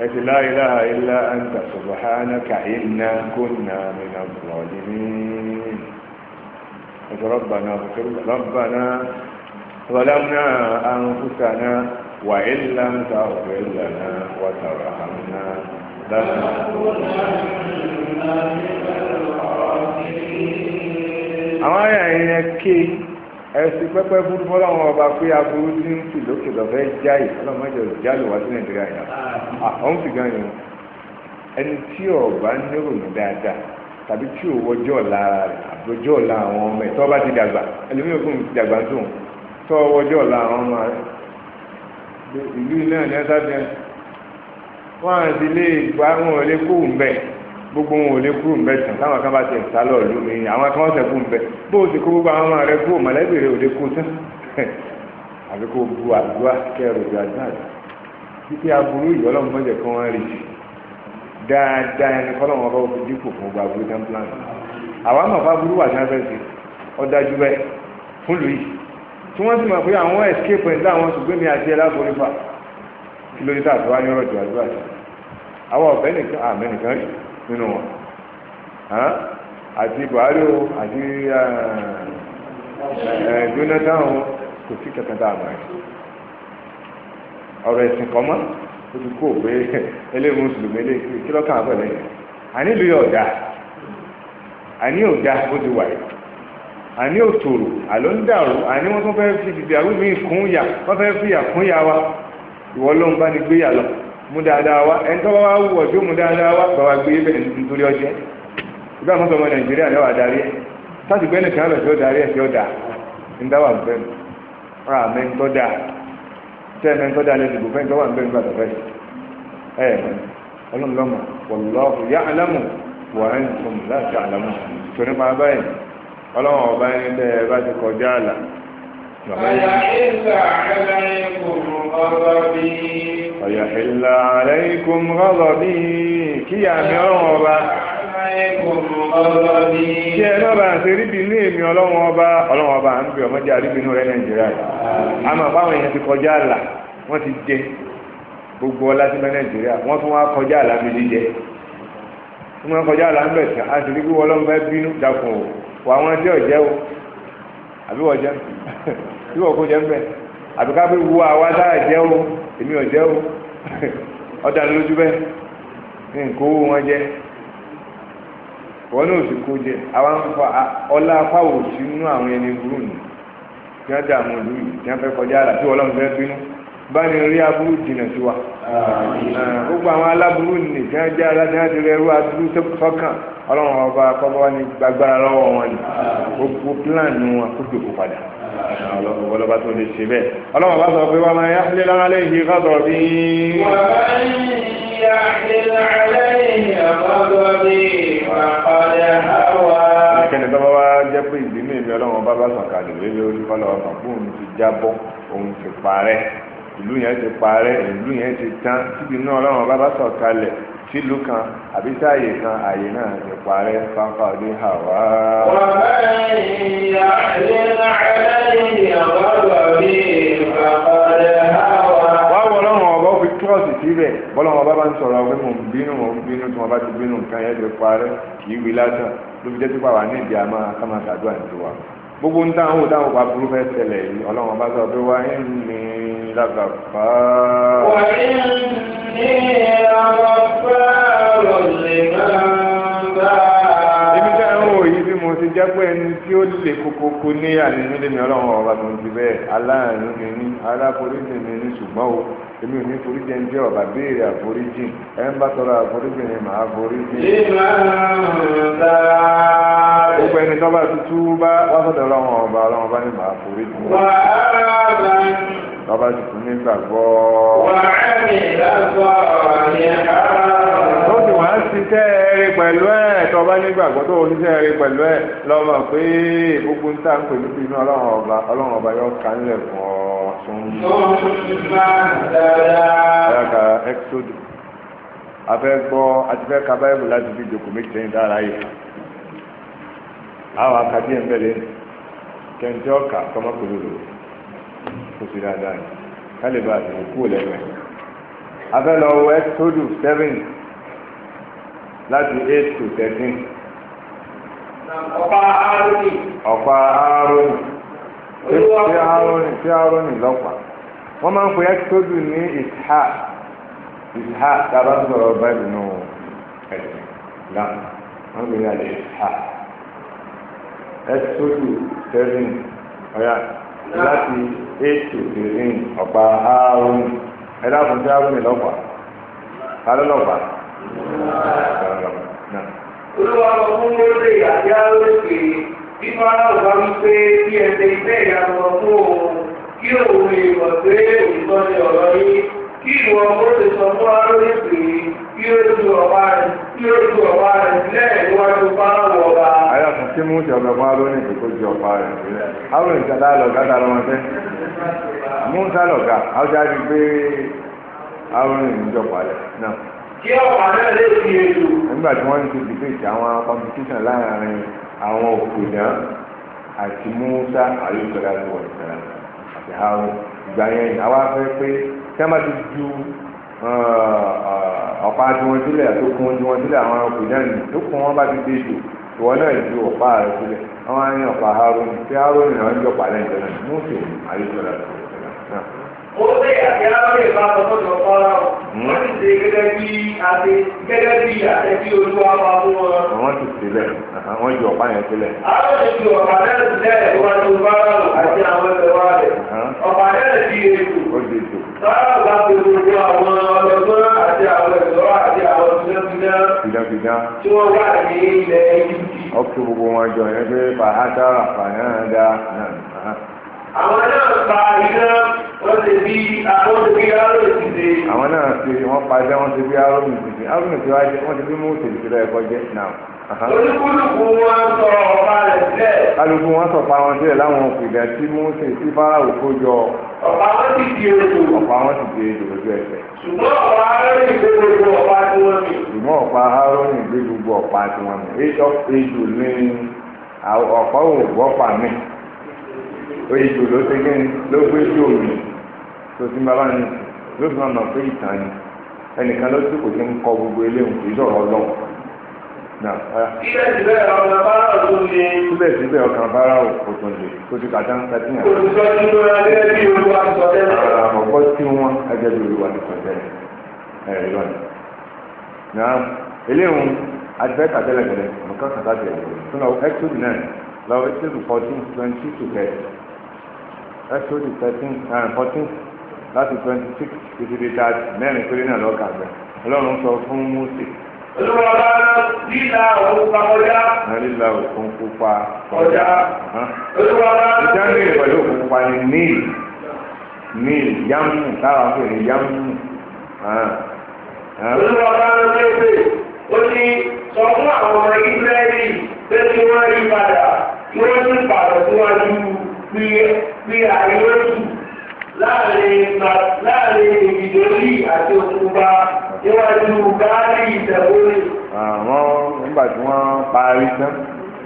حيث لا إله إلا أنت سبحانك إنا كنا من الظالمين حيث ربنا ربنا ظلمنا أنفسنا وإن لم تغفر لنا وترحمنا لنكونن من الخاسرين أما يعني ẹsìn pẹpẹ fún fọlọ́wọn ọba pé aburú ti ń fi lókè lọ́fẹ́ jáì ọlọ́mọdé jálò wá sí nàìjíríà yẹn àwọn fi gan yẹn ẹni tí ọba ń níròyìn dáadáa tàbí tí ò wọjọ́ ọ̀la rẹ̀ àbójọ́ ọ̀la àwọn ọmọ ẹ̀ tọ́ bá ti dàgbà ẹlòmíì òkú ti dàgbà tó ń tọ́ wọjọ́ ọ̀la àwọn ọmọ rẹ̀ ìlú náà ní ẹ́sà bẹ́ẹ̀ wọ́n àti lè gbá wọn lè kó òun bẹ́ẹ̀ gbogbo wọn ò lè kúrò ń bẹ tán táwọn kan bá ti ẹ̀sà lọ lómi àwọn kan ọ̀sẹ̀ kú ń bẹ bó o sì kó gbogbo àwọn ọmọ rẹ kúrò mọ̀lẹ́bí rẹ ò lè kó tán àbí kó bu àdúrà kẹrù ju àdúrà títí aburú yìí mọ́jẹ̀ kan wọ́n rí dáadáa ẹni kọ́ lọ́wọ́ bá fi dípò fún gbogbo aburú tán plan àwọn àmọ̀ bá burú wà sí afẹ́sẹ̀ ọ̀dájú bẹ́ẹ̀ fún lu yìí tí wọ́n sì mọ̀ pé àwọn escape ẹ̀ láwọn ṣùgbọ́n mi àti ẹ̀ láborí fà kí ló dé tàbí wá ní ọ̀rọ̀ ju nínú wọn àti buhari o àti jonathan o kò sí kankan tá a mọ̀ ẹ́ ọ̀rọ̀ ẹ̀sìn kan mọ́ ó ti kó pé eléyìí mùsùlùmí eléyìí kí lọ́kàn àbọ̀lẹ̀ yẹn àní ìlú yóò dáa àní ò dáa bó ti wà yìí àní ò tòrò àlọ́ ń dàrú àní wọ́n tún fẹ́ fi dìde àwọn míì kún yà wọ́n fẹ́ fi yà kún yà wa ìwọ ló ń bá ní gbé yà lọ. mudadawa dáadáa wá ẹni tó bá mudadawa wù ọjọ́ mú dáadáa wá bàbá gbé ibẹ̀ nítorí ọjẹ́ ìgbà mọ́tò ọmọ nàìjíríà lẹ́wà darí ẹ̀ sáàtì gbẹ́ nìkan lọ sí ó darí ẹ̀ sí ó dà ń dáwà bẹ́ẹ̀ tẹ́ ẹ̀mẹ́ lẹ́nu ìbò ẹ̀ yá alámù láti alámù فيحل عليكم غضبي كي أمير الله kí ẹ má bàa ṣe ríbi inú èmi ọlọ́wọ́n ọba ọlọ́wọ́n ọba à ń bẹ̀ ọmọdé àríbi inú rẹ nàìjíríà yìí àmọ́ báwọn èèyàn ti kọjá àlà wọ́n ti jẹ gbogbo ọlá sí nàìjíríà wọ́n tún wá kọjá àlà mi jíjẹ wọ́n máa kọjá àlà ń bẹ̀ sá àti rí wọ́n ọlọ́run bá bínú dàkùn o wà wọ́n tí ọ̀jẹ́ o àbí wọ́n jẹ́ tí wọ́n kó jẹ́ ń bẹ̀ àbí ká fi wu àwa tá a jẹ́ o èmi ò jẹ́ o ọ̀dà lójú bẹ́ẹ̀ ní nǹkó wọn jẹ́ wọn náà sì kó jẹ àwa ń fa ọlá apáwò sínú àwọn ẹni burú nù tí wọ́n dààmú ìlú yìí tí wọ́n fẹ́ kọjá àlà tí ọlọ́run fẹ́ bínú báni rí aburú jìnà sí wa gbogbo àwọn aláburú nìkan jẹ́ aládìyàn ti rẹ̀ rú aburú sọ́kàn ọlọ́run ọba kọ́bọ́ ni gbàgbára lọ́wọ́ wọn ni gbogbo pílánì wọn kó jòkó padà ọlọ́ba tó lè ṣe bẹ́ẹ̀ ọlọ́run ọba sọ pé wọ́n máa yá lé lára lẹ́yìn yìí kọ́tọ̀ bí. wọ́n máa ń yá lé lára lẹ́yìn ọ̀gọ́dọ̀ bí wọ́n kọ́lẹ̀ háwa. ìkẹ́ni tó bá wá jẹ́ pé ìdí ìlú yẹn ti parẹ́ ìlú yẹn ti tán síbi náà ọlọ́run bá bá sọ̀ kalẹ̀ sílùú kan àbí sáàyè kan àyè náà ti parẹ́ fáfá ní àwa. wà á yà fi kílọ̀sì síbẹ̀ bọ́lọ́run ọba bá ń sọ̀rọ̀ pé mò ń bínú mò ń bínú tí wọ́n bá ti bínú nǹkan yẹn ti parẹ́ kì í wí lásán ló fi jẹ́ sípò ní ìdí àmọ́ àkàmọ́ àtàdúrà ní tiwa gbogbo ń dáhùn dáhùn bá burú fẹ́ tẹ̀lẹ̀ yìí ọlọ́run bá sọ pé wá ń mi lágbàpá. wà á ní àgbàpá rọ̀lẹ̀ máa bá. ibi tí àwọn òyìn bí mo ti jẹ́ pé ẹni tí ó lè kókókó ní ànínílé mi ọlọ́run ọba tó ń bẹ́ẹ̀ aláàánú mi ní aláforíjì mi ní ṣùgbọ́n o èmi ò ní forí jẹ njẹ ọba béèrè àforíjì ẹ ń bá tọrọ àforíjì ni màá foríjì. ìmọ̀ ọ̀dà. gbogbo ẹni tó bá tutù bá wàsọ̀dọ̀ ọlọ́run ọba ọlọ́run ọba ni màá foríjì. wà á bá ń. lọ́ba ti tún ní gbàgbọ́. wà á mi lọ́sọ̀ ní àárọ̀. ó sì wá ṣiṣẹ́ eré pẹ̀lú ẹ̀ tó bá ní gbàgbọ́ tó oníṣẹ́ eré pẹ̀lú ẹ̀ lọ́mọ pé gbogbo tún ẹ̀ka exodus afẹ́ gbọ́ àti fẹ́ ka báyìí láti fi jòkó méjì sẹ́yìn dára yìí àwọn akadé ẹ̀ mẹ́lẹ̀ kẹ́ńtẹ́ ọ̀kà kọ́mọ́kòló lò ó sì dáadáa yìí kálíbà àti òkú lẹ́nu ẹ̀ afẹ́ lọ wọ exodus seven láti eight to thirteen. ọ̀pá aaroni. ọ̀pá aaroni. tí arọ ní lọ́pàá wọ́n máa ń pè ẹ́kítọ́dù ní ìhà ìhà tábà sọ̀rọ̀ báyìí nù ẹ̀sìn náà wọ́n gbé yàrá ìhà ẹ́kítọ́dù seven ọ̀yà láti eight to ọ̀pá arọ ẹ̀dá fún ní lọ́pàá lọ́pàá. olúwa ìyá. àwọn èèyàn tá a lọ̀gá tá a lọ́mọ fẹ́ musa lọ̀gá di, jáde gbé àwọn èèyàn jọ palẹ̀ náà. kí ọ̀pá náà lè fi ètò. nígbà tí wọ́n ń ṣe debate àwọn competition láàrin àwọn òkùnà àti musa àyùsọ̀rọ̀ àti wọ̀nyí àti àwọn ìgbà yẹn àwa fẹ́ pé tí wọ́n bá ti ju eh, eh, ọ̀pá tiwọn sílẹ̀ tó kún tiwọn sílẹ̀ àwọn òkùnà ní tó kún wọn bá ti dé ètò ìwọ náà ju ọ̀pá rẹ sílẹ̀ àwọn á ní ọ̀pá haroni tí haroni náà ń jọ pàlẹ́ ìjọ náà mú sí àyíṣọ́lá tó náà. ó lè àti haroni bá tọ́jú ọ̀pá rà wọ́n ti ṣe gẹ́gẹ́ bí àti gẹ́gẹ́ bí àti bí olúwa máa mú wọn. wọ́n ti sílẹ̀ wọ́n ju ọ̀pá yẹn sílẹ̀. haroni ju ọ̀pá náà sílẹ̀ iwájú bárò àti àwọn ẹgbẹ́ rẹ̀ ọ̀pá náà fi dán. tí wọ́n wà ní ilẹ̀ yìí. ọkùnrin gbogbo wọn jọ yẹn pé fàhádà fàhádà àwọn náà pa iná wọ́n ti bí àwọn ti bí aró ìdíje. àwọn náà ti wọ́n pa iná wọ́n ti bí aró ìdíje aró ìdíje wọ́n ti bí mú òtẹ̀lẹ̀ olúkúlùkù wọn sọ ọba rẹ̀ sílẹ̀. kálukú wọn sọ̀pá wọn sílẹ̀ láwọn òpìlẹ̀ tí mose tí fáráwò kó jọ. ọ̀pá wọn ti di ètò. ọ̀pá wọn ti di ètò lójú ẹsẹ̀. ṣùgbọ́n ọ̀pá arọ́nì gbé gbogbo ọ̀pá tí wọ́n mi. ṣùgbọ́n ọ̀pá arọ́nì gbé gbogbo ọ̀pá tí wọ́n mi. ètò ètò ní ọ̀pá òwòpá mi. ètò ló ṣe kí ló gbé sí òmì tó ti bá bá ní ló fi máa mọ̀ pé ìtàn ẹnìkan ló sì kò ti ń kọ gbogbo eléyìí ìdọ̀rọ̀ ọlọ́run Uh, síbẹ̀ síbẹ̀ ọkàn bára ò kò tó lè kó ti kàtà ń kàtí yàn. Olùsọ ti ló ra gẹ́gẹ́ bí olúwa sọ tẹ́lẹ̀. Àrà àkọ́kọ́ tí wọ́n gẹ́gẹ́ bí olúwa sọ tẹ́lẹ̀. Ẹ̀rọ ìlọ́ni. Nà eléhùn adivẹ́tà tẹ́lẹ̀ tẹ́lẹ̀ nǹkan kàtà tẹ̀lé. Sọ́nà Exodus náà lọ Exodus fourteen twenty to thirty. Exodus thirteen fourteen láti twenty six títí di thirty mẹ́rin péré náà lọ́ọ́ kàgbẹ́. Ọlọ́run sọ fún Mósè olùwà bá lílà òun pa kọjá. lílà òkun pupa kọjá. olùwà bá. ìjánu ìpẹ̀lú òkun pupa ni níì níì yámù táwọn afẹ́ ní yámù. olùwà bá lọ sí ebè ó ní sọ fún àwọn ọmọ ìsírẹ́lì pé kí wọ́n rí padà kí wọ́n sì pààrọ̀ síwájú pé àìlóṣù láàrin ìdórí àti òkúba níwájú gáárì ìtẹ̀wórí. àwọn nígbà tí wọ́n parí tán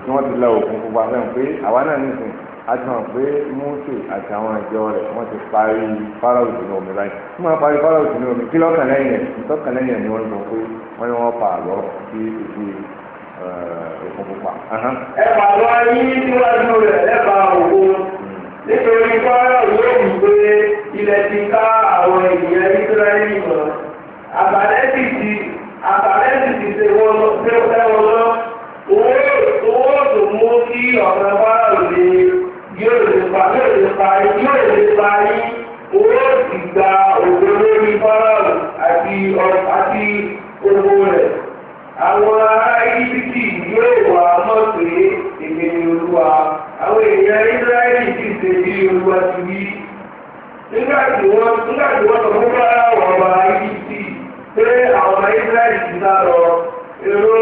tí wọ́n ti lọ òkun pupa fẹ́ràn pé àwa náà nìsín a ti hàn pé mọ́tò àti àwọn ìjọ rẹ̀ wọ́n ti parí fáráwù sínú omi báyìí tí wọ́n parí fáráwù sínú omi kí lọ́kàn lẹ́yìn rẹ̀ ìtọ́kàn lẹ́yìn rẹ̀ ni wọ́n sọ pé wọ́n ní wọ́n pa àlọ́ sí ìdí òkun pupa. ẹ pàdé ayé tí wọ́n ti rẹ̀ lẹ́bàá òkun nítorí fọ́nrán ìwé ìwé ilẹ̀ ti ká àwọn ènìyàn Ísírẹ́lì mọ́ àbálẹ́sì ti àbálẹ́sì ti ṣe wọn lọ owó tó mú kí ọ̀nà fọ́nrán òde yóò lè pa yóò lè parí yóò lè parí owó ti gba òde lórí fọ́nrán àti àti owó rẹ̀ àwọn ará Íjíbítì yóò wà mọ̀ pé. èmi ni olúwa àwọn èèyàn Ísírẹ́lì ti ṣe bí olúwa ti wí nígbà tí wọ́n nígbà àwọn ọba Íjíbítì pé àwọn ọba ti sá lọ èrò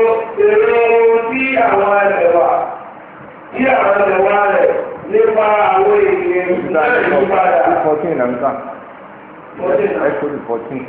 èrò tí àwọn ẹlẹ́wà tí àwọn 14 nípa àwọn èèyàn na nǹkan exodus fourteen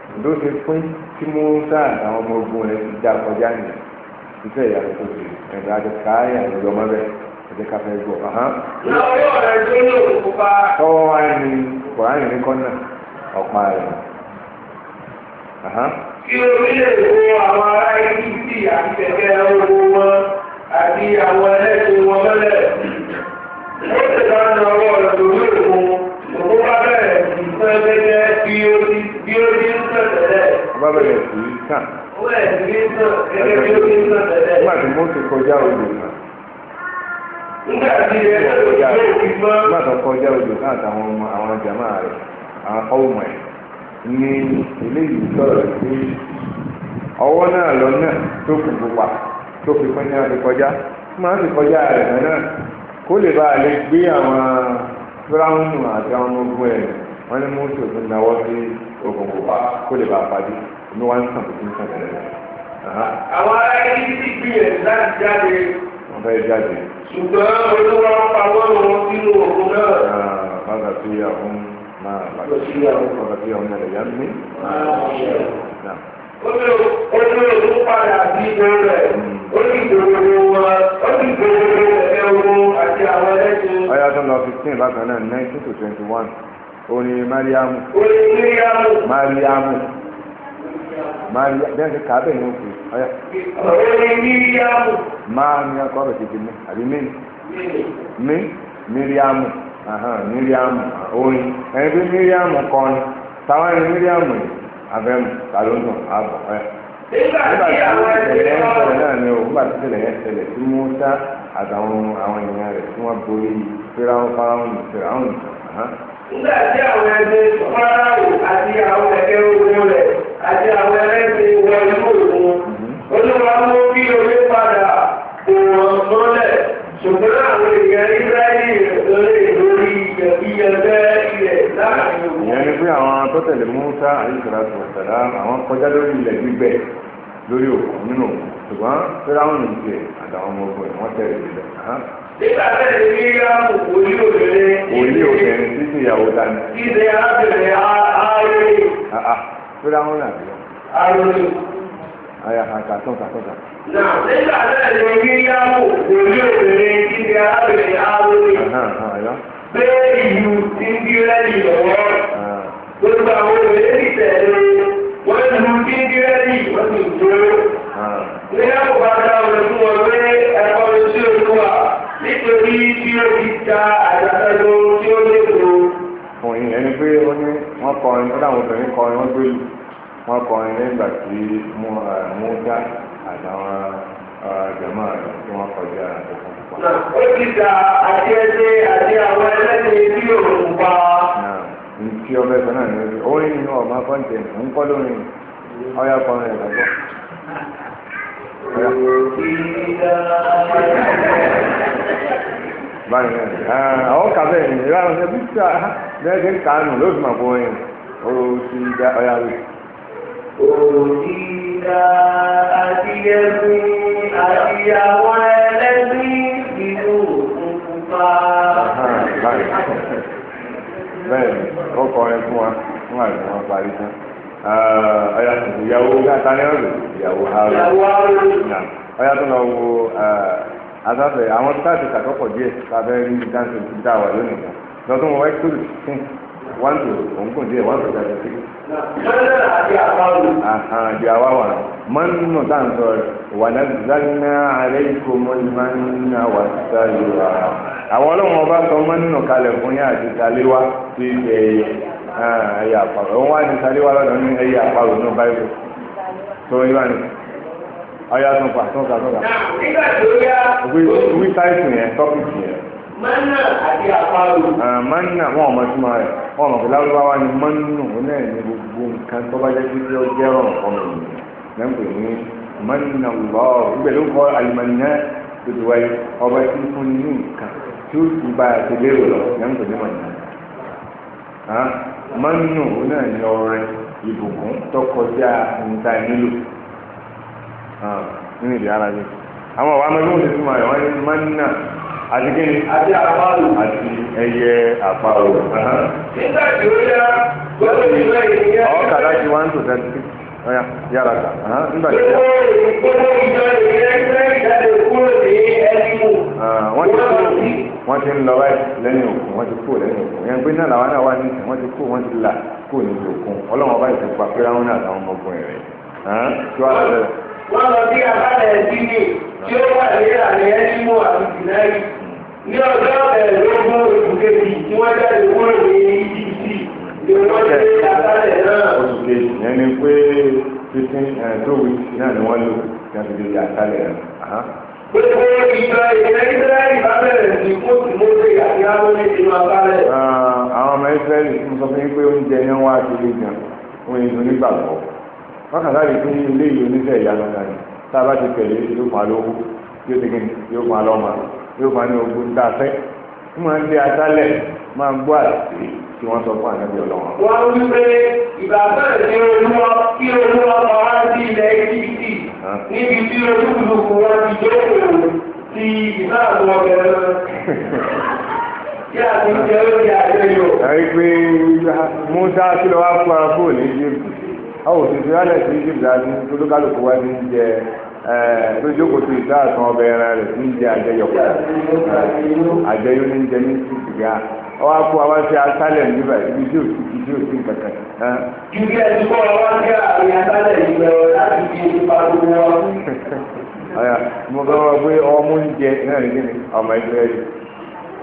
ló ti pín tí mo ń sá àwọn ọmọ ogun rẹ ti dá kọjá nìyẹn ìfẹ́ ìyàwó tó ti ẹ̀dá àti káyà ìyọmọ bẹ́ẹ̀ ẹ̀dẹ́ ká fẹ́ gbọ́. Láwọn yóò rẹ̀ tó ní òkúpa. Tọ́wọ́ wá ní Kùránì ní kọ́nà ọ̀pá rẹ̀. Kí orílẹ̀-èdè àwọn ará Íjíbítì àti kẹ̀kẹ́ owó wọn àti àwọn ẹlẹ́sìn wọn mọ́lẹ̀. Ó sì bá ọwọ́ ọ̀dọ̀ lórí òkun. Òkú bá bẹ̀rẹ̀ sí sẹ́lẹ̀lẹ́ bí ó ní bí ó ní sẹ̀tẹ̀lẹ̀. Bá bẹ̀rẹ̀ sí tàn. Ó bẹ̀rẹ̀ sí ní sàn gẹ́gẹ́ bí ó ní sẹ̀tẹ̀lẹ̀. Nígbà tí mo ti kọjá odò kan. Nígbà tí ẹ kọjá odò kan. Nígbà tó kọjá odò kan àtàwọn ọmọ àwọn jàmá rẹ̀ àwọn ọmọ ẹ̀ ní eléyìí sọ̀rọ̀ pé ọwọ́ náà lọ náà tó kù pupa tó fi kọjá fi kọjá. Máa fi kọjá rẹ̀ náà kó lè bá a lè gbé àwọn fúráhùnù àti àwọn ọmọ ẹ̀ wọ́n ní mú tòtò náwó sí òkùnkùn pa kó lè bá a pàdé ní wọ́n ń sàn tó ti ń sàn tẹ̀lé. àwọn ará yìí ti gbìyànjú láti jáde. wọ́n fẹ́ jáde. ṣùgbọ́n olówó pa wọ́n sínú òkun náà. bàbá tí a fún máa bàbá tí bàbá tí a fún ẹ̀rẹ̀ yá mi. olóòtú padà sí ìgboro rẹ̀ hmm. ó sì gbòòrò wọn ó sì gbòòrò ẹ̀rọ àti àwọn ọyá tó lọ fifteen bákan náà nineteen to twenty one orin mariamu mariamu maria bẹ́ẹ̀ ni kábẹ́ ni ó fi ọyá. orin miriamu. máa ní akọ ọ̀rọ̀ kejì mi àbí mi mi miriamu miriamu orin ẹni bí miriamu kọrin táwọn ẹni miriamu abẹ́mu kàlóńdùn ààbọ̀ ọyá nígbà tí àwọn ẹgbẹ́ ń sọ̀rọ̀ náà ni o nígbà tí ìṣẹ̀lẹ̀ yẹn ṣẹlẹ̀ tí Mùsá àtàwọn àwọn ènìyàn rẹ̀ tí wọ́n borí yìí fira wọn fara wọn fira wọn. nígbà tí àwọn ẹgbẹ́ fáráàlú àti àwọn ẹgbẹ́ ogun rẹ̀ àti àwọn ẹlẹ́sìn wọn inú mhm. òkun olúwa mú bí omi padà kò wọ́n mọ́lẹ̀ ṣùgbọ́n àwọn èèyàn Ísírẹ́lì lórí lórí ìyẹ̀bẹ́ ilẹ̀ láàrin òkun. ìyẹn ni pé àwọn tó tẹ̀lé Mùsá àyíṣàlátù ọ̀sẹ̀dá àwọn kọjá lórí ilẹ̀ gbígbẹ́ lórí òkun nínú òkun ṣùgbọ́n fẹ́ráhùn nìjẹ́ àtàwọn ọmọ ogun ẹ̀ tẹ̀lé ilẹ̀ nígbà tẹ̀lé ní ìyàwó wòlíì obìnrin. wòlíì obìnrin títí ìyàwó dání. ìdè arábìnrin ààrẹ. fúra wọn náà bí wọn. àròyìn. àyà kan kàtún kàtún kàtún. náà nígbà tẹ̀lé ní ìyàwó wòlíì obìnrin ìdè arábìnrin ààrẹ. bẹ́ẹ̀ ìlú ti ń bí rẹ́lì lọ́wọ́. Ah. gbogbo àwọn obìnrin ti tẹ̀lé wọ́n lu bí ń bí rẹ́lì wọ́n sì dúró. nígbà tó bá dá ọ̀rẹ́ fún wọn nítorí bí ó ti ta àdàkàjọ tí ó lè lò. fún ìyẹn ni pé ó ní wọ́n kọrin ó dáhùn obìnrin kọrin wọ́n gbé wọ́n kọrin nígbà tí mo dá àtàwọn jàmá rẹ̀ tí wọ́n kọjá òkun pupa. ó ti ta àti ẹsẹ̀ àti àwọn ẹlẹ́sẹ̀ bí òkun pupa. ntí ọbẹ̀ kan náà ni ó rí ọ̀ma kọ́ńtẹ̀ ń kọ́ lórí ọ̀yà kọrin ẹ̀ báyìí náà àwọn kàfẹ́ ẹ̀yìn ìlànà ọ̀sẹ̀ bíi tí a bẹ́ẹ̀ ṣe ń kà á nù lóṣù màbọ̀ ẹ̀yìn ọ̀rọ̀ òsì ìdá ọ̀yà rẹ̀. òsì ìdá àdìyẹ́bí àdìyàwó ẹlẹ́bí inú òkúta. báyìí bẹ́ẹ̀ ó kọrin fún wa fún àgbẹ̀ wọn parí tán. ọ̀yà ìyàwó káàtàlẹ́rù ìyàwó haruna ọ̀yà tó lọ wo asáfẹ́ àwọn táàtì kàkọ́kọ̀ díẹ̀ káfẹ́ rí dáńtì dá wà lónìí kan lọ́tún wọn wáyé tóbi fún díẹ̀ tá à ń sọ wà wà sáyé wa. àwọn ọlọ́run ọba sọ kalẹ̀ fún wa ti ẹyẹ àparò òun wá ní sáré wá lọ́dọ̀ ní ẹyẹ àparò ní báyìí tó ń yíwá ní ọyá tó ń pa tó ń ka tó ń ka. nígbà tó yá. wí táìsì yẹn tọ́pìkì yẹn. mánà àti àparò. mánà wọn ò mọ sí máa rẹ wọn ò mọ pé lárúbáwá ni mánà ó náà ní gbogbo nǹkan tó bá jẹ́ pé ó jẹ́ ọ̀rọ̀ ọmọ ènìyàn lẹ́ńpẹ̀ ní mánà lọ́ọ̀ ìgbẹ̀lú kọ́ àlùmọ̀nì tòtò wáyé ọba tí fún ní nǹkan tí ó ti bá a lọ lẹ́ńpẹ̀ ní mánà. mọ́nù náà ní ọrẹ ìbùkún tó kọjá nílò ah, nínú ìdí ara yìí àwọn ọ̀wá mẹ́rin òní túmọ̀ rẹ̀ wọ́n ní mọ́nà àti kí ni àti àpárò àti ẹyẹ àpárò. nígbà tí ó yá gbọ́dọ̀ nígbà yìí ní ẹ̀ka. ọ̀kadà ti wá ń tò sí ọ̀yà yàrá kà nígbà tí ó gbogbo ìjọ ìrẹsẹ̀ ìjáde kúrò ní ẹni mú. Ah, wọ́n ti kúrò. wọ́n ti ń lọ báyìí lẹ́yìn òkun wọ́n ti kú lẹ́yìn òkun yẹn gbé náà làwọn náà wà nísìnyí wọ́n ti kú wọ́n ti là kú níbi òkun ọlọ́wọ́n báyìí ti pa pé ráwọn náà làwọn ọmọkùnrin rẹ̀ tí wọ́n lọ bẹ̀rẹ̀. wọ́n lọ sí abáyẹ̀ ìdílé tí ó wà ní àmì ẹ́sìmù àti jìnnárì ní ọjọ́ ẹ̀ẹ́dógún oṣù kejì tí wọ́n jáde kúrò ní ìdíjì ni wọ́n ṣe abáyẹ̀ náà. oṣù kejì yẹn ni pé fifteen eh, two weeks náà ni wọ́n lò gbogbo ìgbà ìgbà ìsirẹ́lì bá bẹ̀rẹ̀ sí mọ́tì mọ́tì àti amúlé ti máa bá rẹ̀. àwọn ọmọ ìsirẹ́lì ń sọ fún yín pé oúnjẹ yẹn wá sí ilé gan òun èso nígbàgbọ́ wákàtá yìí fún ilé yìí oníṣẹ́ ìyanu dání tá ti tẹ̀lé yóò fún alówó yóò máa ń gbọ́ àlùfẹ́ tí wọ́n sọ fún ànábì ọlọ́run. wọ́n wí pé ìbàbá ìṣe olúwa kí olúwa bá wá sí ilẹ̀ egypt níbi tí olúkúlùkù wọn ti jókòó ti ìbá àwọn ọbẹ̀ náà. kí a ti jẹ́ lórí àjọyọ̀. ẹ̀rí pé musa kí ló wá fún ara fún òní egypt àwọn òṣìṣẹ́ rálẹ̀ sí egypt láti olúkálùkù wá ti ń jẹ tó jókòó sí ìta àtàn ọbẹ̀ ẹran rẹ̀ sí ń jẹ àjẹyọ̀ padà àjẹyọ̀ ń jẹ ní ìgbà ọwọ́ akó wa ṣe asálẹ̀ ní báyìí ibi tí òsì ibi tí òsì kankan. ibi ẹni kọ́ ọ wá sí àárín asálẹ̀ yìí bẹ̀rẹ̀ láti fi ipa gbogbo wọn. ọ̀yà mo gbọ́ wọn pé ọmọ oúnjẹ náà ní kíni ọmọ ẹgbẹ́ rẹ̀.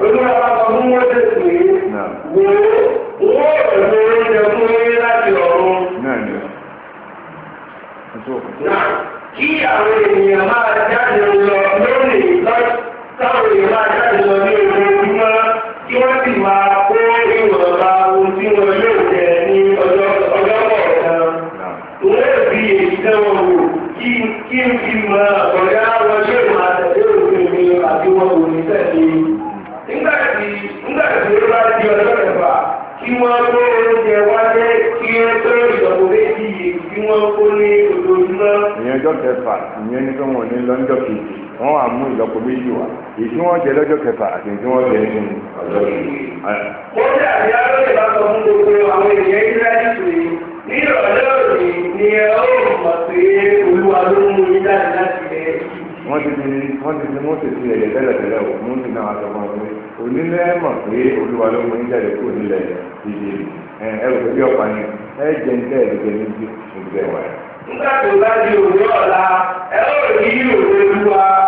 olúwa bá sọ fún wọn ṣe pé wo owó ẹ̀rọ oúnjẹ fún eré láti ọ̀run. náà ni kí àwọn ènìyàn máa jáde lọ lónìí lọ táwọn ènìyàn máa jáde lọ ní ojú kí wọ́n sì máa kó ìwọ̀nba ohun tí wọ́n yóò jẹ ní ọjọ́ kọ̀ọ̀kan. Wọ́n yóò fi èyí tẹ́ wọn wò kí kí n fi mọ ọ̀gá wọn yóò máa tẹ̀lé òfin mi àti wọn kò ní tẹ̀lé. Nígbà tí nígbà tí ó bá di ọjọ́ ẹ̀fà kí wọ́n kó oúnjẹ wálé kí wọ́n tó ìdọ̀bọ̀ méjì yìí kí wọ́n kó ní ojoojúmọ́. Ìyẹn ọjọ́ kẹfà ìyẹn ní kí wọ́n ní lọ́jọ́ kejì wọ́n wà mú ìlọ́po méjì wá èyí tí jẹ lọ́jọ́ kẹfà àti tí wọ́n jẹ nínú ọjọ́ yìí. ó ní àbí alóyè bá sọ fún gbogbo àwọn ènìyàn israẹli pé ní ìrọ̀lẹ́ òní ni ẹ ó mọ̀ pé olúwa ló mú mi jáde láti ẹ̀ wọ́n ti di wọ́n ti di mọ́tò sí ẹ̀yẹ tẹ́lẹ̀tẹ́lẹ̀ o mú ní náà àtọ̀mọ́ ọ̀gbìn onílé mọ̀ pé olúwa ló mú jáde kúrò nílẹ̀ ìdè ẹ̀ ẹ̀ rò pé bí ọ̀pá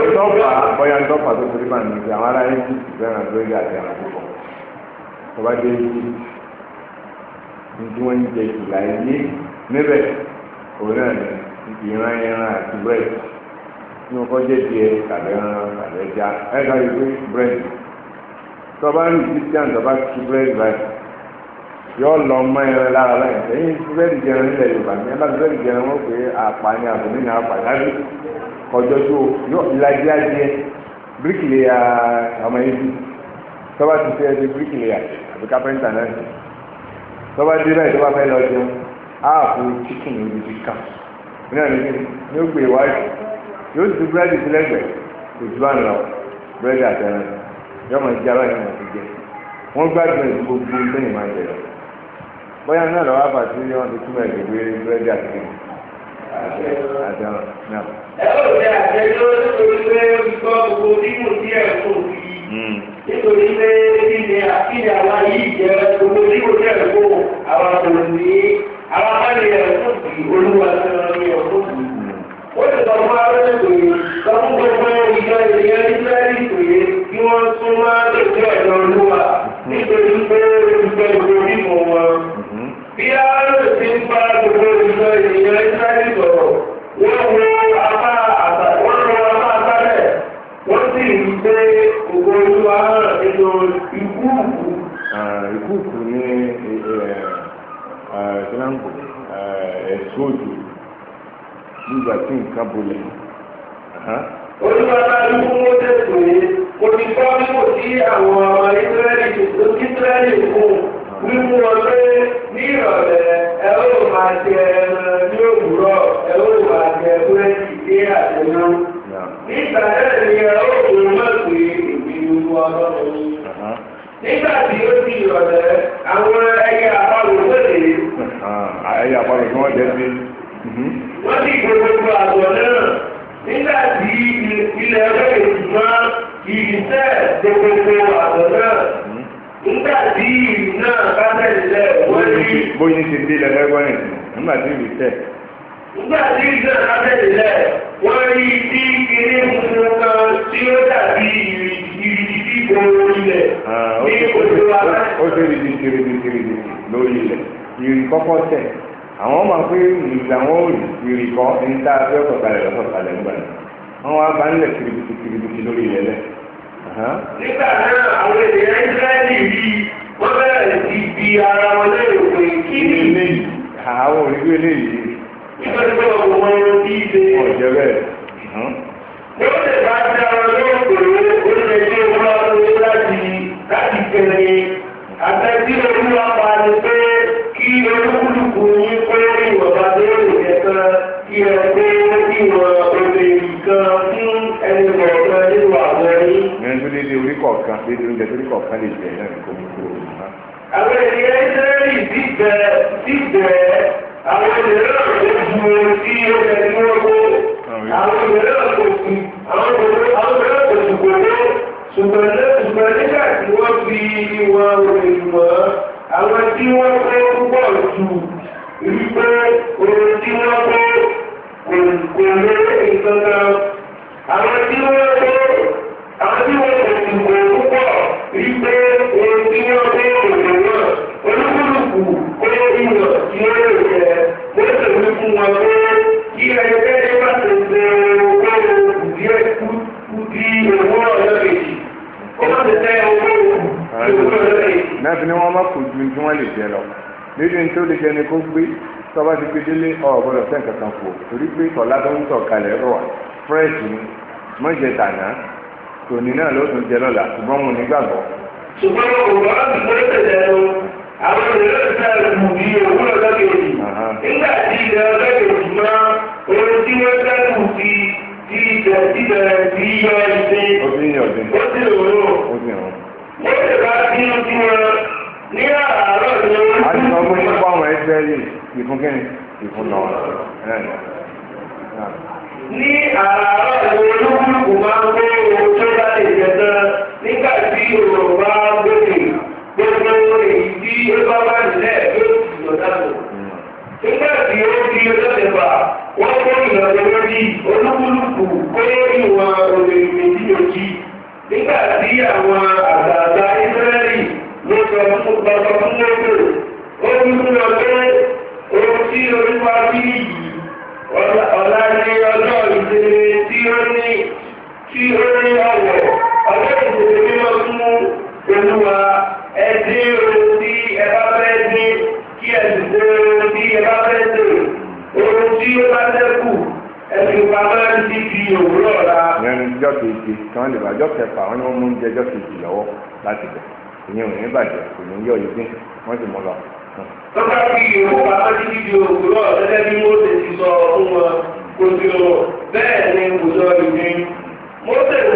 Ìtọ́fà bọ́yá ìtọ́fà tó torí máa ní ìgbà àwọn ará yín ti fẹ́ràn lórí àti àwọn púpọ̀. Tọ́ba dé yìí, ní tí wọ́n ń jẹ ìlà yìí níbẹ̀, òun náà ní ìran ẹran àti búrẹ́dì. Ní wọ́n kọ́ jẹ́ díẹ̀ tàbí ẹran tàbí ẹja. Ẹ̀ka yìí pé búrẹ́dì. Tọ́ba ń rí Christian tọ́ba ti búrẹ́dì báyìí yọ lọ mọ ẹran lára láì ẹyin búrẹ́dì jẹran nílẹ̀ yorùbá ní ẹbá búrẹ́dì jẹran wọn pé àpá ni àbòmí ni àpá dájú kọjọ tó yọ ìlàjì adìẹ bíríkì lè ya ọmọ yìí bí tọ́ba ti fẹ́ ẹbí bíríkì lè ya àbí kápẹ́ńtà náà ni tọ́ba dé báyìí tọ́ba fẹ́ lọ jẹun áàpù chicken ní ibi kan ní àná ní ó gbé iwájú e yóò ti búrẹ́dì sílẹ̀ gbẹ̀ kò ju àná lọ búrẹ́dì àtẹ̀rẹ̀ yọmọ ìjà báyìí wọn ti jẹ wọn gbádùn ìdúgbò bóyá náà lọ́wọ́ àbàtí wọn ti túmọ̀ ẹ̀gbẹ́ gbé búrẹ́dì àti kìnnì. àti ọ̀rọ̀ náà. ẹ ó ṣe àtẹjọ́ nítorí pé olùkọ́ gbogbo nínú tí ẹ̀ kò fi hmm. nítorí pé kí ni àkíni àwa yìí jẹ gbogbo nínú tí ẹ̀ kò àwa kò ní àwa má lè ẹ̀ kò fi olúwa tí wọn ní ẹ̀ kò fi. ó sì sọ fún arúgbó pé sọ fún gbogbo ìjọ ìyẹn nígbàdí pé kí wọ́n tún máa lè jẹ́ ẹ̀rọ olúwa bí aráàlú ti ń bá gbogbo ìlú ènìyàn ìsírẹ́lì sọ̀rọ̀ wọ́n wo apá àtà wọ́n lọ apá àtàlẹ̀ wọ́n sì ń gbé gbogbo ojú ahọ́n nínú ikú òkú. ikú mọ́ sí àwọn ọmọ ìsírẹ́lì tó kí ìsírẹ́lì kù nínú ọlẹ́ ní ìrọ̀lẹ́ ẹ ó máa jẹ ẹran ní òwúrọ̀ ẹ ó máa jẹ búrẹ́dì dé àtẹná. nígbà náà ni ẹ ó fún mọ̀ pé èmi ló wọ ọlọ́run. nígbà tí ó di ìrọ̀lẹ́ àwọn ẹyẹ àpárò wọlé. ẹyẹ àpárò tí wọ́n jẹ́ sí. Mhm. wọ́n ti gbogbo àgbọ̀ náà nígbà tí ilẹ̀ ọlọ́run máa kì í sẹ́ẹ̀ gbogbo àgbọ̀ náà nígbà tí náà bá tẹ̀lé wọ́n ní. bóyin ti dé lẹ́lẹ́gbọ́n nìkan nígbà tí ìwé tẹ̀. nígbà tí náà bá tẹ̀lé wọ́n rí bí eré funfun kan tí ó dàbí ìrìndì bíbo ilẹ̀ ní ojú ara. ó ṣe rìndì rìndì rìndì lórí ilẹ̀ ìrìn kọ́kọ́ tẹ̀ àwọn ọmọ pé ìgbà wọn ò ìrìn kọ́ ní tá a fẹ́ sọ̀kalẹ̀ nígbà náà wọ́n wá bá ń lẹ̀ kìrìbìtì kìrìbìtì lórí ilẹ̀ lẹ́ẹ̀ nígbà náà àwọn ènìyàn Ísírẹ́lì yìí wọ́n bẹ̀rẹ̀ sí bí ara wọn lẹ́yìn òpin kí ni. eléyìí àwọn òrìṣẹ́ eléyìí. nígbà tí wọ́n wọ wọn bí ilé. ọ̀jẹ̀ bẹ́ẹ̀. ní ó lè bá ti ara ní òpin olùdíje olùdíje láti láti tẹ̀lé àtẹ̀sí olúwa pa ni pé kí olúkúlùkù yín pé ìwọ̀nba tó lè jẹ kí ẹ pé. kọ̀ọ̀kan dédé oúnjẹ tó ní kọ̀ọ̀kan lè jẹ náà kò mú kúrò nípa. àwọn ènìyàn israẹli dìgbẹ dìgbẹ àwọn ènìyàn náà lè ju sí ọjà ní ọgbó àwọn ènìyàn náà kò sí àwọn ènìyàn náà kò sí gbogbo ṣùgbọ́n ṣùgbọ́n nígbà tí wọ́n fi ìwà òrìn mọ́ àwọn tí wọ́n fẹ́ púpọ̀ jù wípé orin tí wọ́n fẹ́ kò lé nǹkan kan àwọn tí wọ́n fẹ́ àwọn tí wọ́n fẹ́ ti wọ láti ní wọn má kò ju tí wọn lè jẹ lọ nínú ní tó lè jẹ ni kó gbé tọba ti gbé délé ọgbọdọ fẹ nǹkan kan fò torí pé tọlá tó ń tọ kalẹ̀ rọ fúrẹsì mọjẹ tànà tòní náà ló tún jẹ lọ́la ṣùgbọ́n mo nígbàgbọ́ ṣùgbọ́n òwò ọ̀sùnkúrẹ́ tẹ̀lé lọ àwọn ìrẹ̀lẹ̀ ti náà kù bí òwúrọ̀ lọ́kẹ̀ẹ́jì nígbà tí ilẹ̀ ọlọ́kẹ̀ẹ́jì máa orin tí wọ́n dákù ti ti ìjẹ̀ ìjẹ̀ ti yọ ìṣe ó ti rò ó wọ́n ti bá bínú sí wọn ní àárọ̀ ni wọ́n ti rò ó. a ti sọ fún yín fún àwọn ẹgbẹ́ yìí ìfúnkẹ́ni ìfúnnà ní àárọ̀ ni olúkúlùkù máa ń gbé owó tó bá lè jẹ tán. Yorùbá béèrè gbogbo èyí tí ó bá wà nílẹ̀ yóò sì lọ dáàbò. Nígbà tí ó di ọjọ́ ìjọba, wọ́n kó ìlànà lórí olúkúlùkù kó ìwọ̀n òde ìmẹ̀jì lòjì. Nígbà tí àwọn àgbààgbà Ísírẹ́lì ló sọ fún bàbá fún lóko, ó ní fún wọn pé ohun tí olúwa bí yìí ọ̀la ni ọjọ́ ìsinmi tí ó ní tí ó ní olúwa ẹdín ohun tí ẹ bá fẹ́ dín kí ẹ̀sìn tó ohun tí ẹ bá fẹ́ tè ohun tí ó bá tẹ́kù ẹ̀sìn pamọ́ ti di òwúrọ̀ la. ìyẹn ní ọjọ́ kejì kí wọ́n lè bá ọjọ́ kẹfà wọn ni wọ́n mú oúnjẹ ọjọ́ kejì lọ́wọ́ láti bẹ̀ ìyẹn ò ní bàjẹ́ kò ní yọ ìdín wọ́n sì mú lọ. lọ́kà fi ìwọ pamọ́ ti di òwúrọ̀ gẹ́gẹ́ mo ṣe ti fún wọn o bẹ́ẹ̀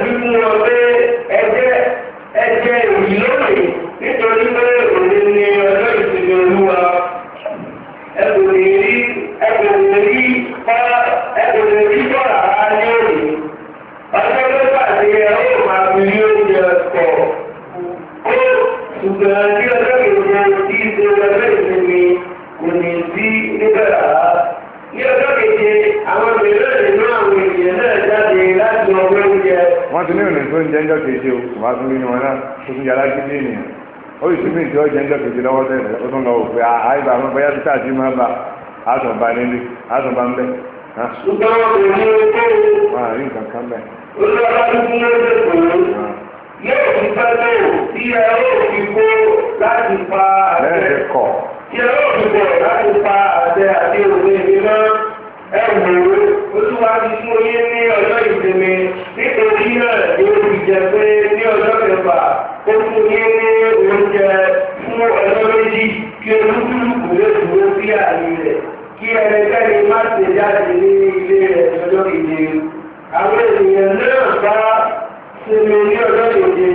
ni kò sọ pé ẹgbẹ́ yìí nítorí pé òní ni tó ń jẹ́jọ́ kejì o tún ni tó tún yàrá gidi ènìyàn ó o tún bí ìjọ jẹ́jọ́ kejì lọ́wọ́ tẹ̀lé ó tún lọ òpè àìbá àwọn bóyá títà tí máa bá àtún nílé àtún ń bẹ́. yóò fi kó láti pa nítorí náà yóò fi jẹ pé ní ọjọ́ kẹfà ó fún yín ní oúnjẹ fún ọjọ́ méjì kí olúkúlùkù lè dúró sí ààyè rẹ̀ kí ẹnikẹ́ni má ṣe jáde ní ilé rẹ̀ ní ọjọ́ keje. àwọn ènìyàn náà bá sinmi ní ọjọ́ keje.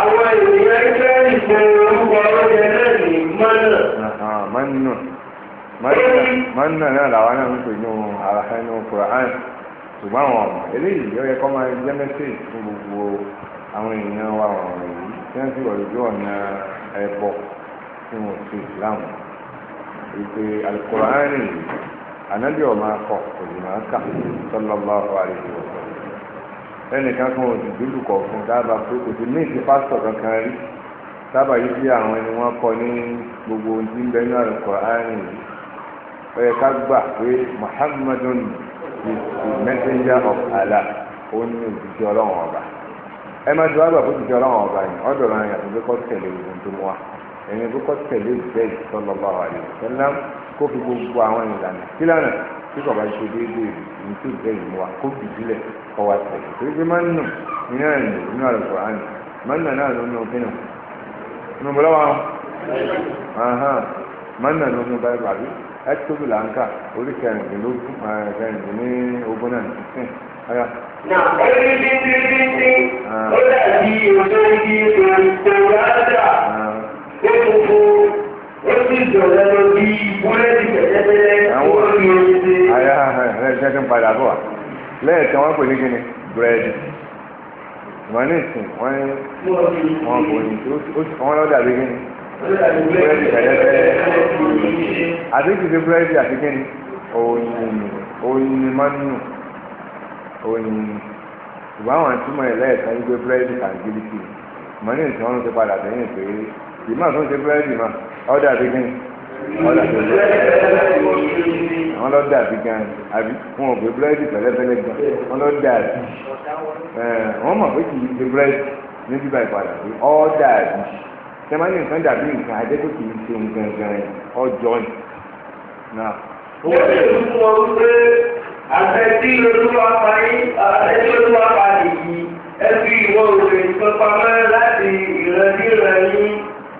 àwọn ènìyàn ìfẹ́ ìfẹ́ orúkọ oúnjẹ náà ní mọ́nà. mọ́nà náà làwọn náà ń pè ní ohun àràfẹ́ ní ohun kùrọ̀ áìsì. ṣùgbọ́n àwọn ọ̀mọ̀ eléyìí ó yẹ kó máa jẹ́ mẹ́sẹ̀jì fún gbogbo àwọn èèyàn wa ọ̀rọ̀ yìí tí wọ́n ti wọ̀ lójú ọ̀nà ẹ̀bọ̀ tí wọ́n ti Islam ìpè alukurani anabi ọ̀ma kọ̀ kò sì máa kà ẹnìkan òsì pé kankan rí yìí sí àwọn ẹni kọ ní gbogbo ohun tí ń bẹ ní alukurani is the messenger of Allah ó ní òjijì ọlọ́run ọba ẹ máa ti wá gbà fún òjijì ọlọ́run ọba yìí ọ̀dọ̀ ra yàtọ̀ pé kọ́ tẹ̀lé ogun tó mú wa ẹni pé kọ́ tẹ̀lé bẹ́ẹ̀ sọlọ́ba wa lè sẹ́lá kó fi gbogbo àwọn ìlànà sílànà tí kò bá ṣe déédéé ní tó bẹ́ẹ̀ mú wa kó bì sílẹ̀ kọ́ wa tẹ̀lé torí pé máa ń nù nínú ẹ̀yìn nínú àlùkò àná máa ń nà náà lónú kínú nù bọ́lá wa máa ń nà lónú báyìí ẹtùbù làǹkà orí kẹrìndínlógún kẹrìndínlógún ogún náà sísìn. na ẹni bíbí bíbí ó dàbí òṣèlú ìgbòràdà ah. ó funfun ó sì jọ̀lẹ́ lọ bí búrẹ́dì pẹ̀lẹ́pẹ̀lẹ́ tó ń lò ó ṣe. ayé ẹ ṣe kí n padà bọ̀ wá lẹ́ẹ̀kan wọ́n pè ní kíni búrẹ́dì ìmọ̀ ní ìsìn wọ́n ní wọ́n kò ní ó sì wọ́n lọ́ọ́ dàbí kíni àti kìsì búrẹ́dì àti kíni oyin oyin ni máa ń nù oyin ṣùgbọ́n àwọn àtúmọ̀ ẹ̀ lẹ́ẹ̀kan ń gbé búrẹ́dì àgíríkì mọ́ní tí wọ́n ń ṣe padà sẹ́yìn pé ìmọ̀ tó ń ṣe búrẹ́dì mà ọ̀dà àti kíni ọ̀dà àti kíni wọ́n lọ dà bí gan àbí wọn ò gbé búrẹ́dì pẹ̀lẹ́pẹ̀lẹ́ gan wọ́n lọ dà bí wọ́n mọ̀ pé kì í ṣe búrẹ́dì níbi báyìí padà pé ọ̀dà àti kíni sẹ́mánì nǹkan dàbí nǹkan ajẹ́ tó kì í ṣe nǹkan gan ọjọ́ ni. ó lè fún ọ pé àtẹ̀tí lolúwa parí àtẹ̀tí lolúwa parí yìí ẹbí ìwọ òwe ìfọpamọ́ láti ìrandíran yín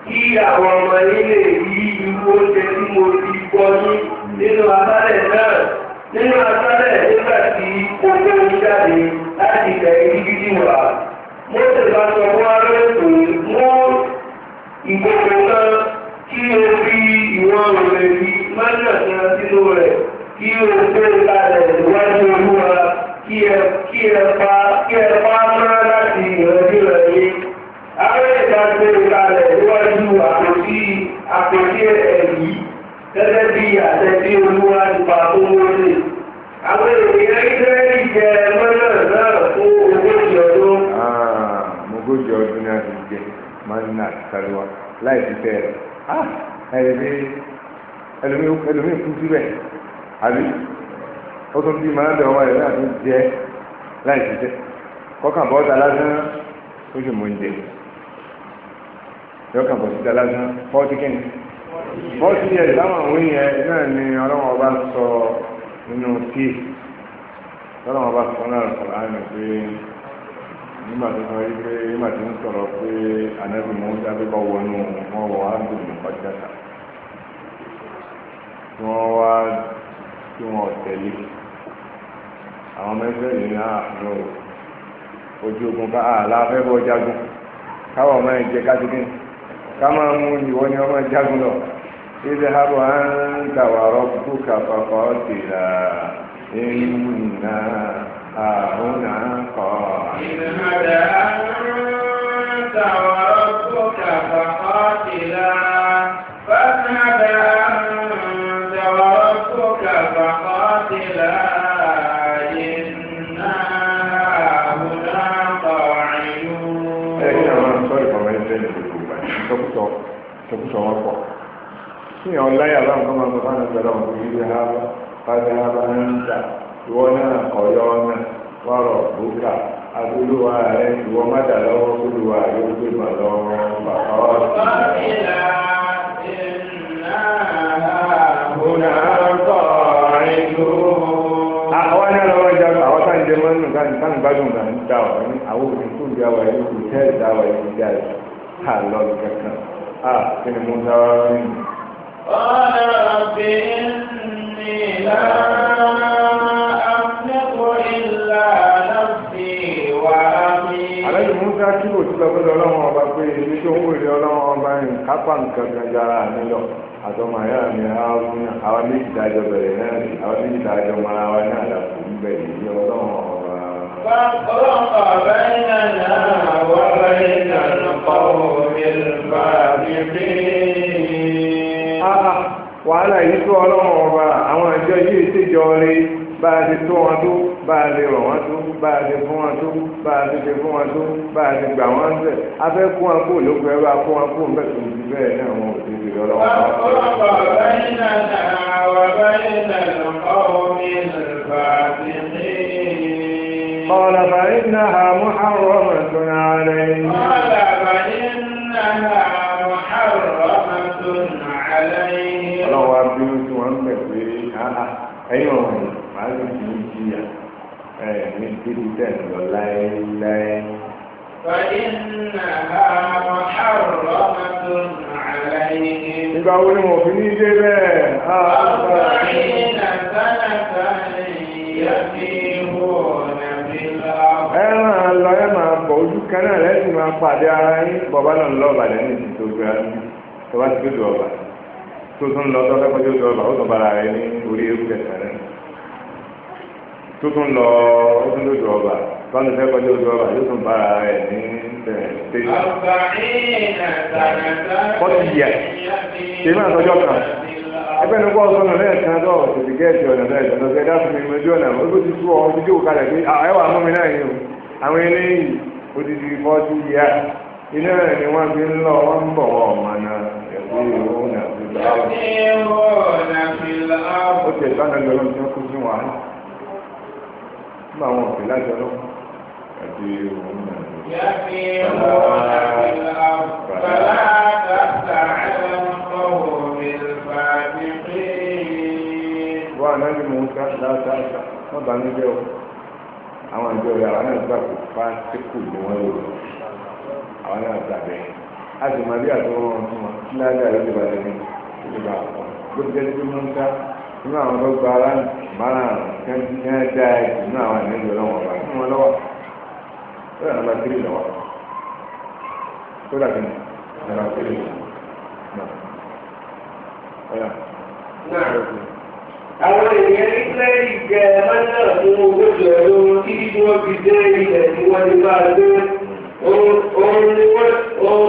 kí àwọn ọmọ yín lè rí irú oúnjẹ tí mo ti gbọ́ yín nínú abálẹ̀ náà nínú abálẹ̀ nígbà tí owó jáde láti ilẹ̀ ìdíjíjì wà. mo sì bá sọ fún arẹ́sùn mú ìgbòho kan kí o fi ìwọ̀n rẹ̀ yí májọ̀ kan sínú rẹ̀ kí o gbé kalẹ̀ níwájú olúwa kí ẹ kí ẹ pa kí ẹ pa mọ́ láti ìrọ̀jú rẹ̀ yé. Àwọn ìgbà gbé kalẹ̀ níwájú àpótí àpótí ẹ̀yí gẹ́gẹ́ bí àṣẹ tí olúwa ti pa tó wọlé. Àwọn ènìyàn Ísírẹ́lì jẹ mọ́nà náà fún ogójì ọdún. Ah, ogójì ọdún mọ́nà àtàlùwà láì fi tẹ́ rẹ̀ ẹ̀ẹ́dẹ́ ẹlòmíì kú síbẹ̀ àbí ó tún bí màá bẹ̀ ọmọ rẹ̀ náà tún jẹ́ láì fi tẹ́ kọ́kàn bọ́ta lásán ó sì mú oúnjẹ yọkàn bọ̀ síta lásán fọ́ọ̀tì kẹ́ni fọ́ọ̀tì yẹn táwọn àwọn èèyàn náà ni ọlọ́wọ́n ọba sọ nínú tíì ọlọ́wọ́n ọba sọ náà sọ̀rọ̀ àná pé nígbà tó sọ wípé nígbà tó ń sọ̀rọ̀ pé ànábì Mùsá bí bọ́ wọnú wọn wọ ábùdù nìkọ́jàta tí wọ́n wá tí wọ́n tẹ̀lé àwọn mẹ́fẹ́ yìí náà lọ ojú ogun ká àlàáfẹ́ bọ́ jagun káwọn máa jẹ kásìkín ká máa mú ìwọ ni wọ́n máa jagun lọ ilé hábọ̀ á ń tàwárọ̀ bùkà pàpà ọ̀tìlà ẹ̀yìn náà. هنا قال إن هدى أنت وربك فقاتلا فاذهب أنت وربك فقاتلا إنا هنا قاعدون. إيه أنا سوري كمان تاني بالكوبا. تبصر تبصر وقع. في أونلاين ألعاب كمان مثلا كلام في هذا هذا هذا أنت ìwọ náà ọ̀yọ́ náà wọ́rọ̀ bùkà àdúlùwà rẹ̀ ìwọ mọ́tà lọ́wọ́ olùwà yóò gbé mà lọ́wọ́ bàbá ọ̀sùn. bọ́ọ̀lá ìlà àbúrà ọ̀tọ̀ rẹ̀ ló. àwọn náà lọ́wọ́ jẹ́ àwọn tá à mọ́ nínú kan tá à ń gbádùn náà ń dá ọ̀rẹ́ ní àwọn òbí tó di àwọ̀ ẹ̀yìn kò tẹ́ ẹ̀ dá àwọ̀ ẹ̀yìn dá ẹ̀ ká lọ kankan á kí ni mo dá wá rí mi. ọ̀rọ̀ bí ní ìlànà. bá kí kò sí lọ́gbọ́dọ̀ ọlọ́wọ́n ọba pé èmi tó ń wèrè ọlọ́wọ́n ọba yìí kápá nǹkan kan yára mi lọ àtọmọ àyà mi àwọn méjì dájọ bẹ̀rẹ̀ náà ni àwọn méjì dájọ mara wa náà dàpọ̀ ń ní ọlọ́wọ́n ọba. ọlọ́wọ́n ọba yìí náà wà láyé náà lọ́pọ̀ omi bá mi rí. wàhálà yìí tó ọlọ́wọ́n ọba àwọn àjọ yìí ṣèjọ́ rí bá a ti tó wọn tó bá a lè rọ̀ wọ́n tó bá a lè fún wọn tó bá a lè ṣe fún wọn tó bá gbà wọ́n bẹ̀ abẹ́ kó wọn kó ló fẹ́ bá kó wọn kó ń tó ti bẹ́ẹ̀ náà wọn ò ti ọ̀pọ̀lọpọ̀ báyìí náà wà báyìí náà lọ́kọ́ mi lọ́ba ti ní. قال فإنها محرمة عليه قال فإنها محرمة عليه ọlọ́wọ́ abínú tí wọ́n ń bẹ̀ pé síbi tẹ̀ ń lọ láéláé. Ìgbà wo ni wọ́n fi ní dé bẹ́ẹ̀? Ọgbà ìlànà sáà sáà lè yá sí ìwọ̀n ẹran lọ ẹ máa bọ̀ ojú kan náà lẹ́sìn máa pàdé ara yín bọ̀bá náà lọ ọ̀bà lẹ́yìn tí tó gbéra ní tó bá ti gbé ọ̀bà tó tún lọ sọ́fẹ́ kọjú dùn ọ̀bà ó tún bára rẹ ní orí ewu kẹsàn-án tó tún lọ ó tún lójú ọba tọ́nu fẹ́ kọjá ojú ọba yóò tún bára rẹ̀ ní tẹ̀sítéjì. fọ́tí tèmi àtọ́jọ́ kan ẹgbẹ́ nípa ọ̀sán náà lẹ́yìn kan tó tètè gẹ́ẹ̀sì ọ̀nà náà ìjọba fún mi ọ pé mú mi náà yìí o àwọn eléyìí odidi fọ́tí iná rẹ̀ ni wọ́n fi ń lọ wọ́n ń bọ̀ wọ́n ọ̀mọ náà ẹ̀kú nígbà wọn pè láti ọlọ́pàá àti òun náà. yá fi wọn àti àbàlá àtàtà ẹlẹ́mọ̀ọ́ mi fàájì pé. wọ́n àná ni mò ń ká látàtà wọ́n bá mi jẹ́ o àwọn ìjọ rẹ̀ àwọn náà gbà kó fásitì ni wọ́n lò àwọn náà gbà bẹ́ẹ̀ a sì wọn fún wa kí ládàá ló ti bá lẹ́nu ló ti bá ń ká nínú àwọn tó gba ara mara kẹ́ńtì náà dá ẹ jù nínú àwọn àlejò lọ́wọ́ ọba nínú wọn lọ́wọ́ tó dà nàbà tírì lọ́wọ́ tó dà kìnnì nàbà tírì náà ọ̀yà. àwọn èèyàn ìsírẹ́lì jẹ mọ́tàlá tó ń gbọ́dọ̀ lóhun títí tí wọ́n fi dé ilẹ̀ tí wọ́n ti bá a gbé òun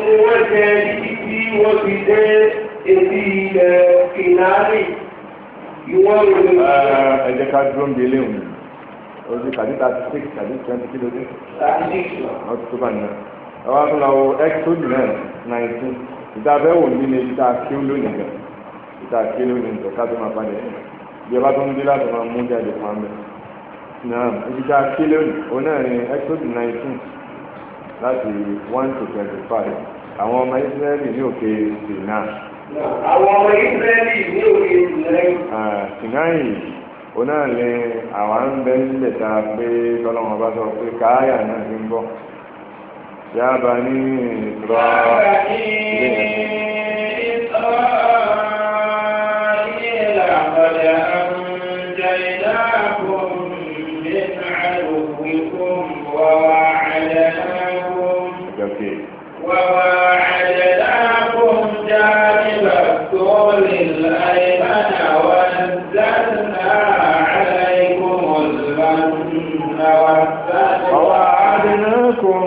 ni wọ́n jẹ títí tí wọ́n fi dé etí ilẹ̀ kìnnárì. Uh, ẹ jẹ́ ká dúró ń bi eléwọ̀n mi oṣù kàdí thirty six kàdí twenty kilo dé. thirty six lọ. wọ́n ti tó bá nìyẹn. ẹ wá tún lọ wo exodus nine nineteen ìta abẹ́wò ní ní ìta kíó lónìí gan ìta kíó lónìí gan ká tó máa bá yẹn. bí ẹ bá tó ń dé láti máa mú jáde fún amẹ. náà ìta kíó lónìí òun náà ní exodus nineteen láti one to twenty five àwọn ọmọ Ísírẹ́lì ní òkè Sinai àwọn ọmọ Ísírẹ́lì ní òye ìlẹ́yìn. tìǹkàyìn oná lẹ àwa ń bẹ nílẹ̀ tá a pé tọ́lọ́mọ bá sọ pé káyà náà ti ń bọ̀ yaba ní ìtura Okay.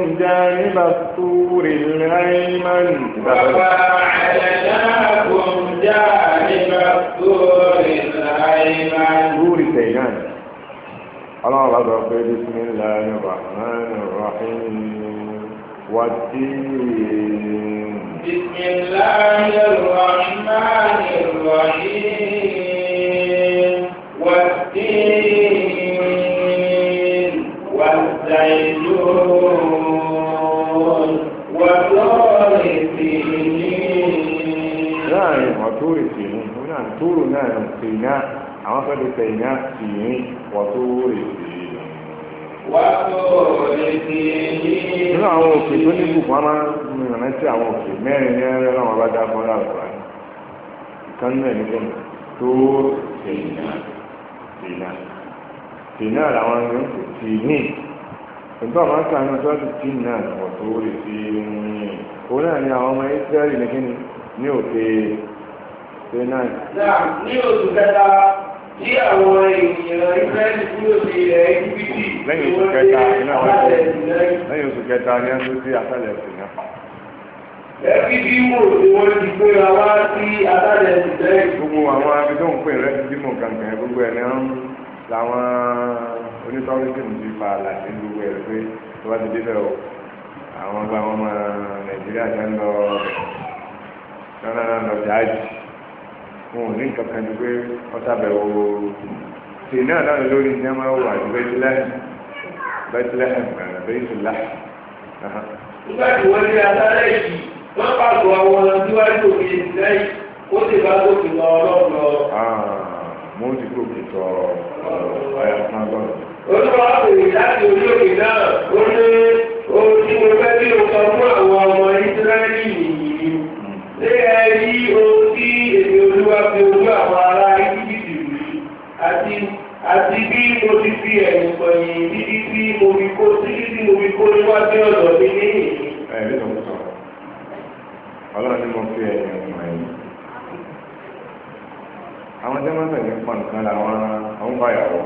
وجنوبهم جانب الطور الأيمن وواعدناكم جانب الطور الأيمن طور سينان الله رب بسم الله الرحمن الرحيم والتين بسم الله الرحمن الرحيم والتين láàrin ọ̀túrì sínú náà túrù náà nù sínú àwọn fẹ́ lè tẹ̀yìn náà sì ní ọ̀túrì sínú. nínú àwọn òkè tó ní bùkún a máa ń rìn sí àwọn òkè mẹ́rin ní ẹrẹ́ láwọn bá dá fún láàrú rẹ̀ ìkan náà ní gbọ́n tó sínú sínú sínú làwọn ń pè sínú nǹkan máa ń kà ní ọjọ́ àti jìn náà wọ̀ tó lè fi yìn òun náà ni àwọn ọmọ Ísírẹ́lì ní kíni ní òkè sinai. ní oṣù kẹta tí àwọn ènìyàn Ísírẹ́lì kúrò sí ilẹ̀ Íjíbítì lẹ́yìn oṣù kẹta iná wọn ṣe lẹ́yìn oṣù kẹta ni wọ́n ti àtàlẹ̀ sí náà. ẹbí bí wò ni wọ́n ti pé ra wá sí àtàlẹ̀ sí lẹ́yìn. gbogbo àwọn abidóhùn pè rẹ́ ti bímọ gàngàn gbogbo ẹ̀ ní àwọn làwọn onítọ́rí tí mo ti fa àlàyé gbogbo ẹ̀ pé tó bá ti débẹ̀ o àwọn gba àwọn ọmọ nàìjíríà tó ń lọ náà lọ jáàjì wọn ò ní nǹkan kan ju pé ọ̀sàbẹ̀wò tè náà náà lórí ní ọmọ wà ní bẹ́tílẹ́hìn bẹ́tílẹ́hìn bẹ́tílá. nígbà tí wọ́n ní adájọ́ yìí wọ́n pàgọ́ àwọn níwájú òkè ìsẹ́yìn ó sì bá gòkè lọ ọlọ́run lọ. mo ah, ti gòkè tọ ọ̀rọ̀ ayọ̀ fún agbọ́dọ̀ olúwa pèrè láti orí òkè náà ó ní ohun tí mo fẹ́ bí mo sọ fún àwọn ọmọ ìsírẹ́lì yìí ṣé ẹ rí ohun tí èmi olúwa fi ojú àwọn ará íjíbítì rí àti àti bí mo ti fi ẹ̀yìn pẹ̀yìn títí tí mo fi kó títí tí mo fi kó níwájú ọ̀dọ̀ mi ní ìyí. ẹ̀rí ló ń sọ ọlọ́run ni mo fi ẹ̀yìn pẹ̀yìn àwọn jẹ́mọ́tò ní pọ̀ nǹkan làwọn àwọn báyàwó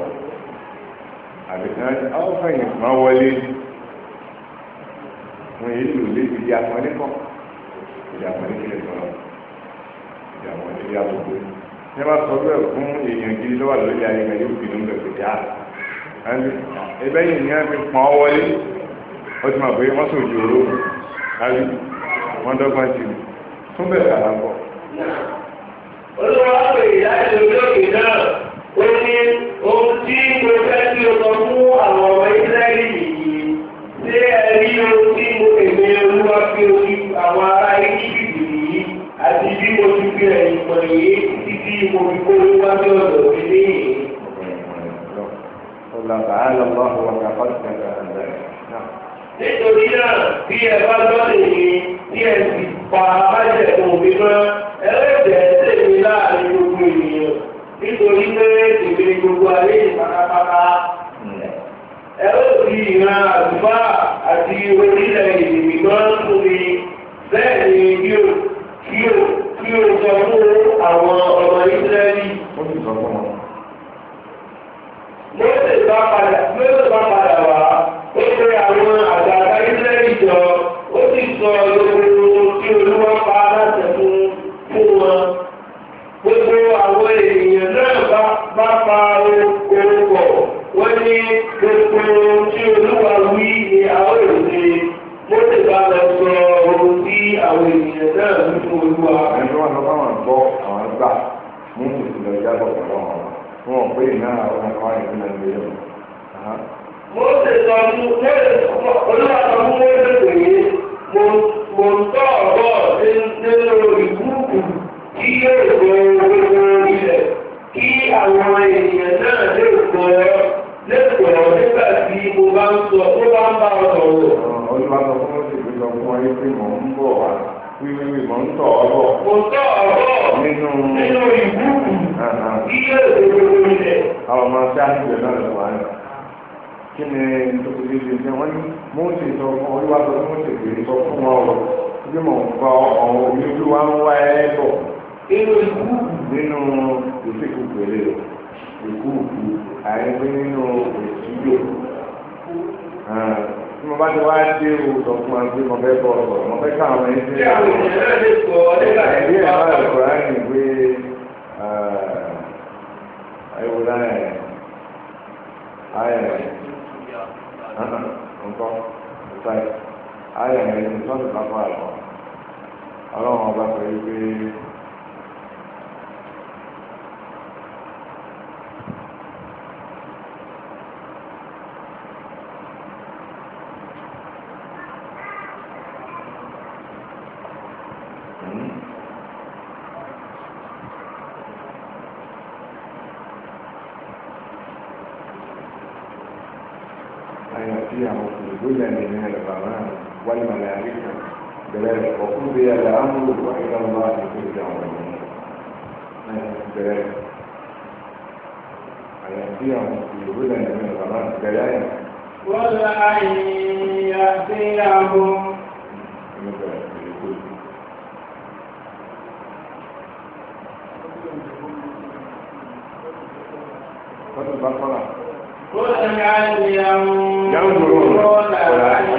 àbẹ̀kan ọ̀fẹ̀yìn máa wọlé wọn èyí lò lé ìdí àpọ́nlé kọ́ ìdí àpọ́nlé kílẹ̀ sọ̀rọ̀ ìdí àpọ́nlé ìdí àpọ́nlé ní a bá sọ bẹ́ẹ̀ fún èèyàn gidi lọ́wọ́ lórí ayẹyẹ yóò fi lóun bẹ̀rẹ̀ dá ẹgbẹ́ yìí ni a fi pọ́n wọlé ó ti máa pé wọ́n sọ òjò oró àbí wọ́n dọ́gbọ́n ti tún bẹ̀rẹ̀ àlápọ̀. olùwà ọ̀rẹ́ ìyá ìlú lókè náà ó ní ohun tí mo fẹ́ kí o sọ fún àwọn ọmọ Ísírẹ́lì yìí ṣé ẹ rí ohun tí mo èmi olúwa fi ojú àwọn ará Íjíbítì yìí àti bí mo ti fi ẹ̀yìn pọ̀ yìí títí mo fi kó olúwa bí ọ̀dọ̀ mi léyìn. Nítorí náà bí ẹ bá gbọ́dọ̀ ní bí ẹ sì pa májẹ̀kùn mi mọ́, ẹ lè bẹ̀ẹ́ sèmi láàrin gbogbo ènìyàn nítorí pé ìgbèrè gbogbo ayé ìpátápátá ẹ ó di ìran àdúgbà àti orílẹ̀ ìgbìmọ̀ tóbi bẹ́ẹ̀ ni kí o kí o kí o sọ fún àwọn ọmọ Ísírẹ́lì. Mọ́tò bá padà mọ́tò bá padà wá ó pe àwọn àgbààgbà Ísírẹ́lì jọ ó sì sọ lóko tí olúwa pa. ní gbogbo tí olúwa wí ni àwọn èròjẹ mo lè bá lọ sọ ohun tí àwọn ènìyàn náà ń fún olúwa. ẹni wọn lọ bá wọn gbọ́ àwọn gbà mú ìsìnkú ọjà bọ pẹ̀lú wọn wọn pé iná àwọn ẹ̀kọ́ àyẹ̀kọ́ náà ń gbé yẹn. mo lè sọ fún olúwa sọ fún mo lè pè é mo tọ́ ìgbẹ́ lọ́dọ̀ wà kí ni nítorí ṣe ṣe wọ́n ní mọ́ọ̀sì sọ fún olúwa sọ fún mọ́ọ̀sì pé sọ fún wọn ọ̀rọ̀ bí mò ń ọ̀hún omi olúwa ń wá ẹ bọ̀. inú ikú nínú ìsìnkú pèlè ikú àìgbé nínú ìsìnkú tí mo bá ti wá dé o sọ fún wa pé mo fẹ́ bọ̀ ọ̀rọ̀ mo fẹ́ ká àwọn ẹni tí ó ń bọ̀ ẹ̀rí ẹ̀ ẹ̀ aya yẹn nana nǹkan nǹka yẹn aya yẹn nǹkan nǹkan fún àlọ́ ọlọ́run ọba sọ yìí pé. وإلى منها الغمام والملائكة دلالة وقضي الأمر وإلى الله ترجع الأمور دلالة أيأتيهم في هدى من الغمام دلالة ولأن يأتيهم Quanto vai قل هل ينظرون ما أن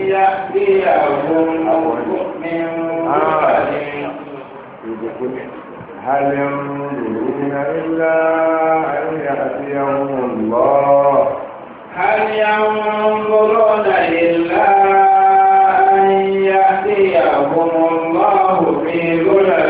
يأتيهم الموت هل ينظرون إلا أن يأتيهم الله هل ينظرون إلا أن يأتيهم الله في ظلل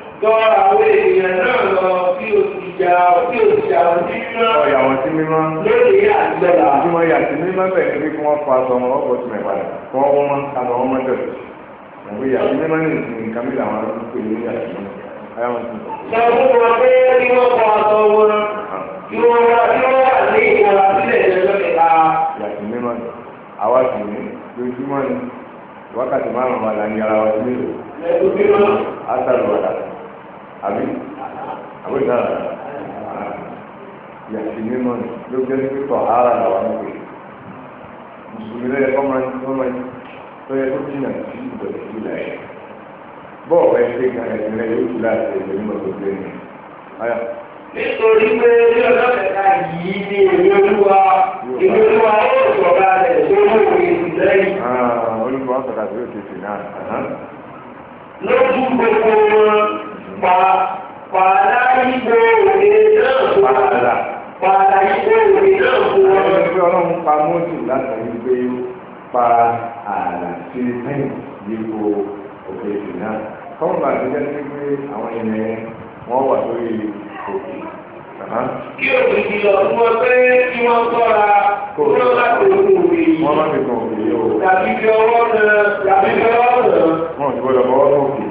lọ́wọ́ àwọn èèyàn náà lọ bí o ti jà bí o ti jà wọ́n sí mímọ́. ọ̀yà wọ́n sí mímọ́. lóde yà á gbẹ̀là. bí wọ́n yà sí mímọ́ bẹ̀rẹ̀ bí wọ́n fa aṣọ wọn ọkọ̀ tì mẹ́ padà kọ́ wọ́n mọ́ àbọ̀ wọn mọ́tò. òwe yà sí mímọ́ ní ìsìn kàmí làwọn ọdún pé ní yà sí mímọ́. ayé wọn ti sọ. sọ fún wọn pé kí wọ́n fa aṣọ wọn kí wọ́n wá kí wọ́n wà ní ìwọ̀n sílẹ̀ lọ́kẹ̀ta. yà sí mímọ́ àwa sì ní lójúmọ́ ni wákàtí márùn-ún wà láyé ara wa sí mélòó. àtàlù wà láti àbí àbí ìdára yàtì mímọ́ ni ló jẹ́ pípọ̀ ara làwọn ń pè mùsùlùmí lẹ́yìn kọ́ máa ń kọ́ máa ń tó yẹ kó jìnnà sí ìbẹ̀rẹ̀ sí ilẹ̀ yẹn bọ́ọ̀ kan ẹ̀sìn rẹ yóò ti láti ẹ̀sìn mímọ́ tó gbé ni. nítorí pé ní ọjọ́ kẹta yìí ni èmi olúwa èmi olúwa yóò sọ̀rọ̀ alẹ̀ tó yóò fi ìsìlẹ́yìn. olùkọ́ sọ̀rọ̀ àti yóò ti sìn náà. lójú gbogbo wọn pààlà ìgbò òde náà pààlà pààlà ìgbò òde náà fún wọn. ẹni pé ọlọ́run pa mọ́tò látàrí pé pa ààlà sí pẹ́ẹ́n yípo òkè èdè náà kọ́mọ̀ bá ti pé àwọn ènìyàn wọ́n wà lórí òkè. kí òkè lọ fún ọ pé kí wọ́n tọ́ra kó lọ́ọ́ láti òkè òkè yìí. wọ́n má fi kàn òkè yìí o. tàbí fi ọwọ́ náà tàbí fi ọwọ́ náà. wọn ò ti gbọdọ̀ bọ́ ọ́ náà òkè.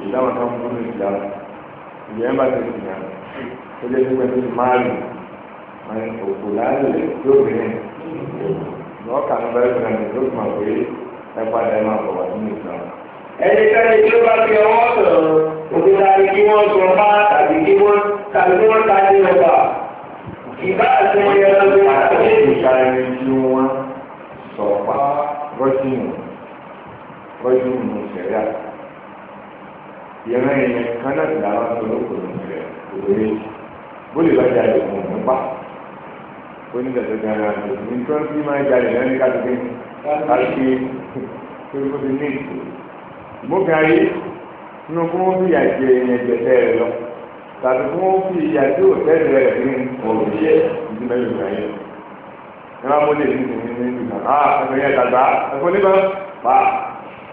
ìdáwà tó ń gbóná ìdáwà ìyẹn ń bá ti sìn náà ó lé nípa tó ti máa lò máa ń òkú láàyè yóò rí ní ìwọ kà ń bẹ́ẹ̀ fún ẹni tó máa pé ẹ padà máa bọ̀ wá nínú ìgbà. ẹnikẹ́ni tí ó bá fi ọwọ́ sọ̀rọ̀ òkú tàbí kí wọ́n sọ bá tàbí kí wọ́n tàbí kí wọ́n ta ní ọba ìbá àti ẹyẹ lọ́dún àti ìkàrẹ̀ ìran èèyàn kan náà ti dára tó lóko ló ń fẹ́ òwe bólè bá jáde fún un pa onídàtọ̀ gara ní tó ń fi máa jáde lẹ́nu káàkiri káàkiri tó ń fi ní ìtò mọ́gà yìí nínú kí wọ́n fi ìyà jẹ ẹ̀yìn ẹ̀jẹ̀tẹ̀ rẹ lọ tàbí kí wọ́n fi ìyà jẹ òtẹ́ẹ̀lì rẹ ní òwúyẹ ìdílé yorùbá yìí ẹ máa mọ́lẹ̀ nínú ìdílé yorùbá ah ẹ̀fọ́ yẹn dàgbà ẹ̀fọ́ níbà pa.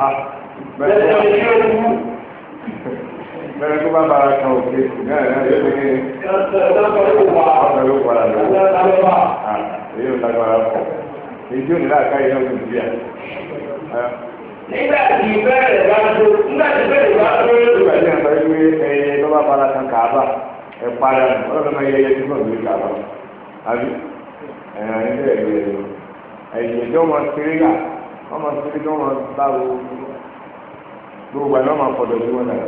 bẹ́ẹ̀ tó bá bára kan òkè náà ní ọ̀sẹ̀ ló padà lọ èyí ò tó nígbà tí bẹ́ẹ̀rẹ̀ bá tó. nígbà tí àwọn ọ̀rẹ́ tó bára kan kàába ẹ tó náà lórí kàába àbí tó máa kéré yà wọ́n máa fi kí wọ́n bá wo gbogbo àná máa fọ̀dọ̀ sí wọn náà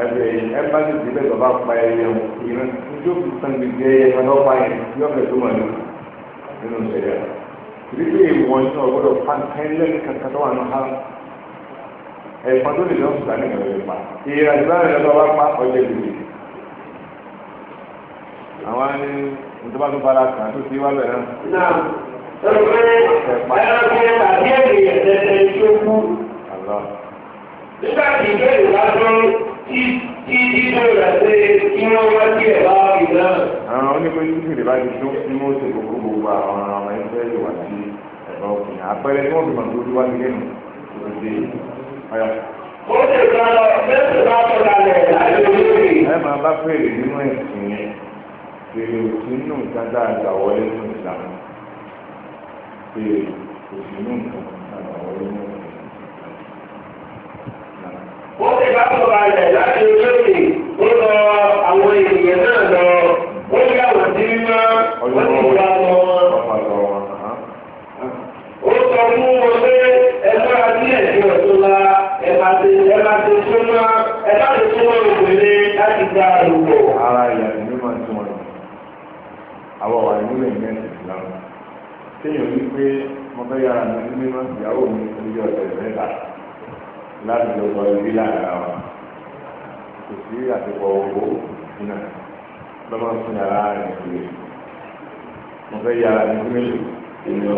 àgbẹ̀ ẹ̀mbáṣí ti bẹ́ẹ̀ bàbá pa ẹyẹ wọn ìran ojú òkú sanbi jẹ ẹyẹ kan lọ́pàá yẹn yóò fẹ́ tó màlúù nínú ìṣẹ̀lẹ̀ torí pé ìwọ̀n ní ọ̀gbọ́dọ̀ pàǹtẹ́lẹ̀ kankan tó wà ní ha ẹ̀fọn tó lè lọ́sùn sani kan lè pa ìran ìbára ìlọ́dọ̀ wá pa ọjọ́ ìdìbò àwọn ní ntọ́bátó bára kan tó ti wá bẹ̀rẹ̀ náà. Ẹgbẹ́ ẹranko tàbí ènìyàn tẹ̀lé tó kú. Nígbà tí ìbéèrè bá tó tí tí dídó rẹ̀ ṣe kí wọ́n wá sí ẹ̀ bá fi náà. Àwọn oníkóyí ìbéèrè bá ti tó ní wọ́n ṣe gbogbo gbogbo àwọn ọmọ ẹgbẹ́ ìwà sí ẹ̀rọ òkùnrin. Àpẹẹrẹ tí wọ́n fi mọ̀ tó ti wá sí lẹ́nu tó ti ọ̀yà. Ó ṣe kan lọ, mẹ́sàn-án bá tọ́ kalẹ̀ láti olóògbé. Ẹ máa bá fèrè nínú ẹ̀sìn yẹn. Fèrè òsínú ìtajà àgbà wọlé fún ìlànà pé òṣèlú nǹkan àwọn ọmọ wọ́n ti bá tó balẹ̀ láti olóògbé ó lọ àwọn ènìyàn náà lọ ó yà wọ́n sí mímọ́ wọ́n ti bá lọ ó sọ fún wọn pé ẹ múra sí ẹ̀sìn ọ̀túnla ẹ má ti ẹ má ti súnmọ́ ẹ má ti súnmọ́ òbílẹ̀ láti gba àlùkò. ara ìyàtọ̀ mímọ́ tí wọ́n lọ àwọn wà nílẹ̀ ìyẹn ti fi lánàá kéèyàn ní pé mo fẹ́ yára mi ní mímọ́ ìyàwó mi níbi ọ̀sẹ̀ mẹ́ta láti lọ sọ ibi láàrin àwọn kò sí àtìpọ̀ owó náà lọ́mọ fún yàrá rẹ̀ nílé mo fẹ́ yára mi ní mílò ìlú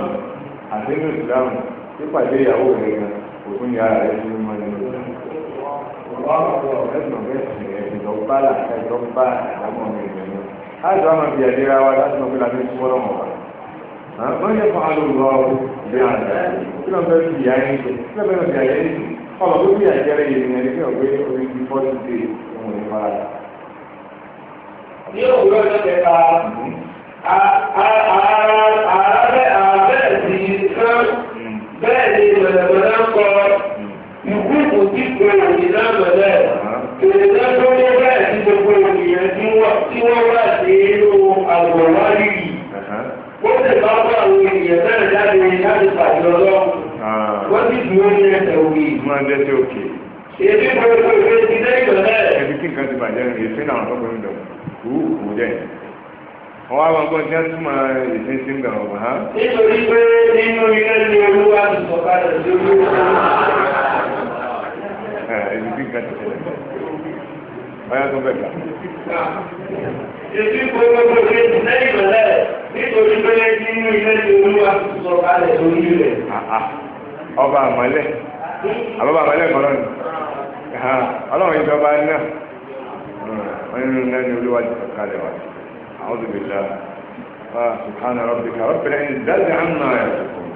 àti nínú ìsìlámù pípàdé ìyàwó rẹ̀ kan òfin yàrá rẹ̀ ní mímọ́ nínú ẹ̀sùn bẹ́ẹ̀ ẹ̀sìn lọ́ọ́ bá làkàtọ́ bá àdámọ̀ mi nìyẹn. á jọ àwọn ìbí ẹ̀dẹ́ra wa láti mọ̀ pé la fi ń súnmọ́ lọ́wọ́ wa wọ́n yẹ fún alùpùpù ọ̀hún bí àná kí ló ń bẹ́ẹ̀ fi àyè ṣe kí ló ń bẹ́ẹ̀ fi àyè ṣe ọ̀rọ̀ tó fi àjẹrẹ yìí ní ẹni pé orí ti fọ́ ti dé òun ní fara. ní òwúrọ̀ ọjọ́ kẹta ààrẹ ti sán bẹ́ẹ̀ ni mọ̀lẹ́mọ̀lẹ́ ń kọ ìkúùkù tí kò òyìn náà mọ̀lẹ́ kèrè náà tó ní bẹ́ẹ̀ ti gbogbo òyìn tí wọ́n wà sí inú àgbọ̀wá yìí ó sì bá bá àwọn ènìyàn náà jáde láti pàdé ọlọ́run ah. wọ́n sì dúró ní ẹsẹ̀ òkè. wọ́n á dẹ́sẹ̀ òkè. èmi kò kò ṣe ti lẹ́yìn ọ̀lẹ́. ẹbí kí nǹkan ti bàjẹ́ nìyẹn sí náà tọ́gbọ́n mi dọ̀wọ́ kú kú jẹ́ wọ́n wá wọn gbọ́n tí wọ́n túmọ̀ ìsìn sí ń gbà wọ́n hàn. nítorí pé nínú ilé ni olúwa ti sọ̀kalẹ̀ sí olúwa. ẹ̀ẹ́dì bí nǹkan ti tẹ̀lé ọ̀yá tó bẹ̀ gbà. Èbí gbogbo gbogbo lẹ́yìn lọ́lẹ̀ nítorí pé nínú ilé ti olúwa sọ kalẹ̀ lórí rẹ̀. Ah, ah, ọba àmọ́lẹ̀. Àbábà àmọ́lẹ̀ kan lọ́nà. Ọlọ́run ìjọba náà. Wọ́n nínú náà ni olúwa ti sọ kalẹ̀ wá. Àwọn òbí la. سبحان ربك رب العزة عما يصفون.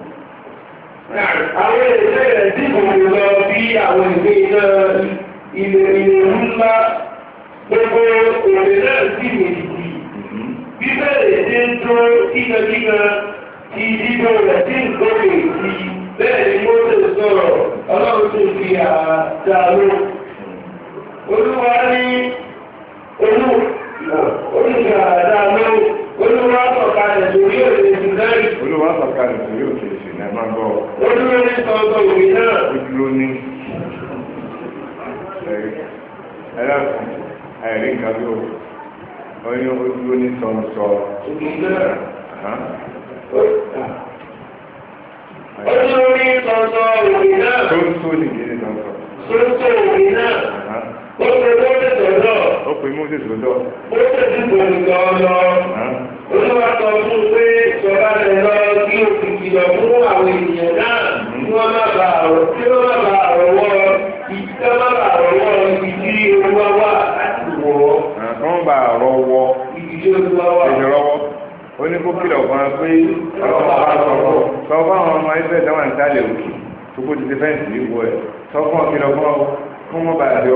Àwọn ìṣe rẹ̀ tí kò lọ bí àwọn ìgbé ilé ìlú ńlá gbogbo òde náà sì nìyí bíbẹ̀rẹ̀ tí ń tó kíkankíkan ti dídọ̀ rẹ̀ tí ń gbòòrè sí bẹ́ẹ̀ ni mo lè sọ̀rọ̀ ọlọ́run tó fi àdá ló. olúwa ní olú olùkà àdá ló olúwa sọ̀kalẹ̀ lórí òde sinai. olúwa sọ̀kalẹ̀ náà. ojúló oyún ojú ní sọmsọ. ojú ní sọmsọ òbí náà. tó ń tó nìyí ní sọmsọ. tó ń tó òbí náà. ó pe moses ọ̀dọ́. ó pe moses ọ̀dọ́. moses ìbò nìkan ọ̀dọ́. olúwa sọ fún un pé sọ̀rọ̀ rẹ̀ lọ kí o sì kìlọ̀ fún àwọn ènìyàn náà kí wọ́n má bàa rọ̀ kí wọ́n má bàa rọ̀ wọ́ kí wọ́n má bàa rọ̀ wọ́ ibi tí olúwa wà. bá rọwọ́ ìṣòrọwọ́ oníkókìlọ̀ kan pé ọlọ́run bá ọmọ ẹgbẹ́ ń òkè tó kó ẹ̀ kan kó wọ́n bá di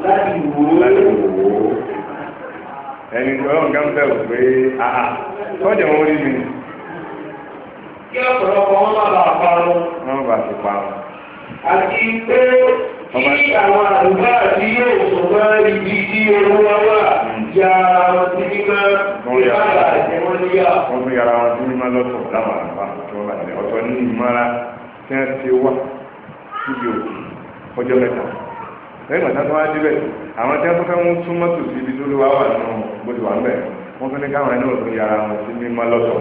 láti wò ó ẹni ọlọ́run kan pé àhà tọ́jà wọn rí mi kí ọ̀pọ̀lọpọ̀ wọn bá bá a parun. bá ti parun. àti pé Kí àwọn àlùfà àti yóò sọ máa ibi tí owó wá wà ya àwọn tí ní máa ìbára àti wọn níyà. Wọ́n fi yàrá wọn tí ní máa lọ́tọ̀ fẹ́ mú súnmọ́ tòsí ibi tó ló wá wà nù bó wà ń Wọ́n fi ní káwọn ẹni òfin yàrá wọn sí mímọ́ lọ́tọ̀.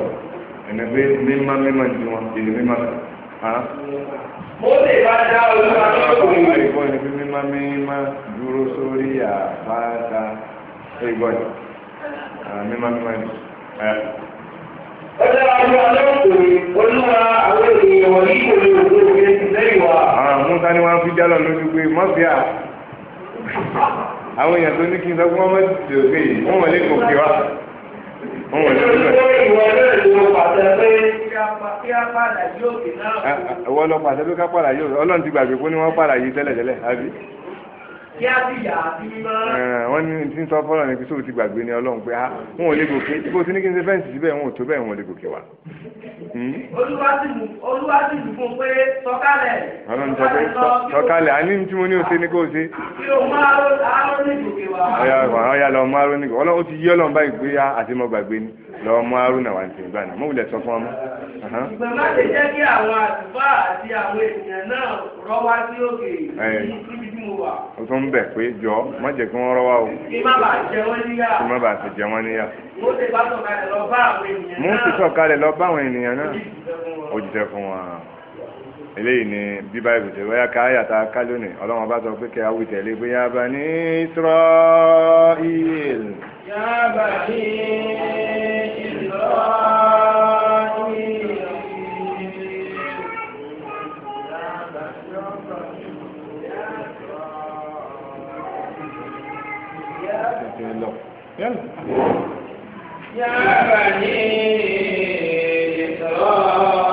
Ẹ̀nẹ́gbẹ́ mímọ́ mímọ́ ti wọn, mímọ́ kan mo lè bá dá olúwa lọ́kùnrin rẹ̀. ìgbọ́ ni fi mímá mímá dúró sórí àpáta ìgbọ́ ni mímá mímá ni. Eh. ọjọ́ àjọ alọ́kùnrin olúwa àwọn ènìyàn wọ̀nyí kò lè wò ó fi lẹ́yìn wa. àmúta ah, ni wọ́n fi jálọ̀ lójú pé mọ́fíà àwọn èèyàn tó ní kí n sọ fún ọmọ tòkè yìí wọ́n wọlé kòkè wa wọ́n wọlé síbẹ̀. Ah, ah, ọlọ́run ti gbàgbé fún ni wọ́n pàdà yìí tẹ́lẹ̀tẹ́lẹ̀ Eh, wọ́n ní tí ń sọ fọ́lọ́ ní pé sóò ti gbàgbé ní ọlọ́run pé ah, wọn ò lè gòkè bó ti ní kí n ṣe fẹ́ǹsì síbẹ̀ wọn ò tó bẹ́ẹ̀ wọn ò lè gòkè wá. Hmm? olúwa sì dùn fún pé sọ̀kalẹ̀. ọlọ́run sọ pé sọ̀kalẹ̀ àní tí mo ní o ṣe ni kò ṣe. kí o máa rọ ní gòkè wá. ọ̀ya ọ̀ya lọ máa rọ ní gòkè ọlọ́run ó ti yí ọlọ́run báyìí pé ah, àti mo gbàgbé ni. lọ mọ́ haruna wà ní tèmi báyìí náà mo wulẹ̀ sọ fún ọmọ. ìgbà má ṣe jẹ́ kí àwọn àtúbà àti àwọn ènìyàn náà rọ́wá sí òkè níbi tí mo wà. o tún bẹ̀ pé jọ má jẹ́ kí wọ́n o. kí má bàa jẹ wọ́n níyà. kí má bàa sì jẹ wọ́n níyà. mo ti sọ̀kalẹ̀ lọ bá eléyìí ni bí báyìí ṣe wáyà ká yàtà ká lónìí ọlọ́run bá sọ pé kí a tẹ̀lé pé bá ní Israel. yá bá ní Israel. lọ. yá bá ní Israel.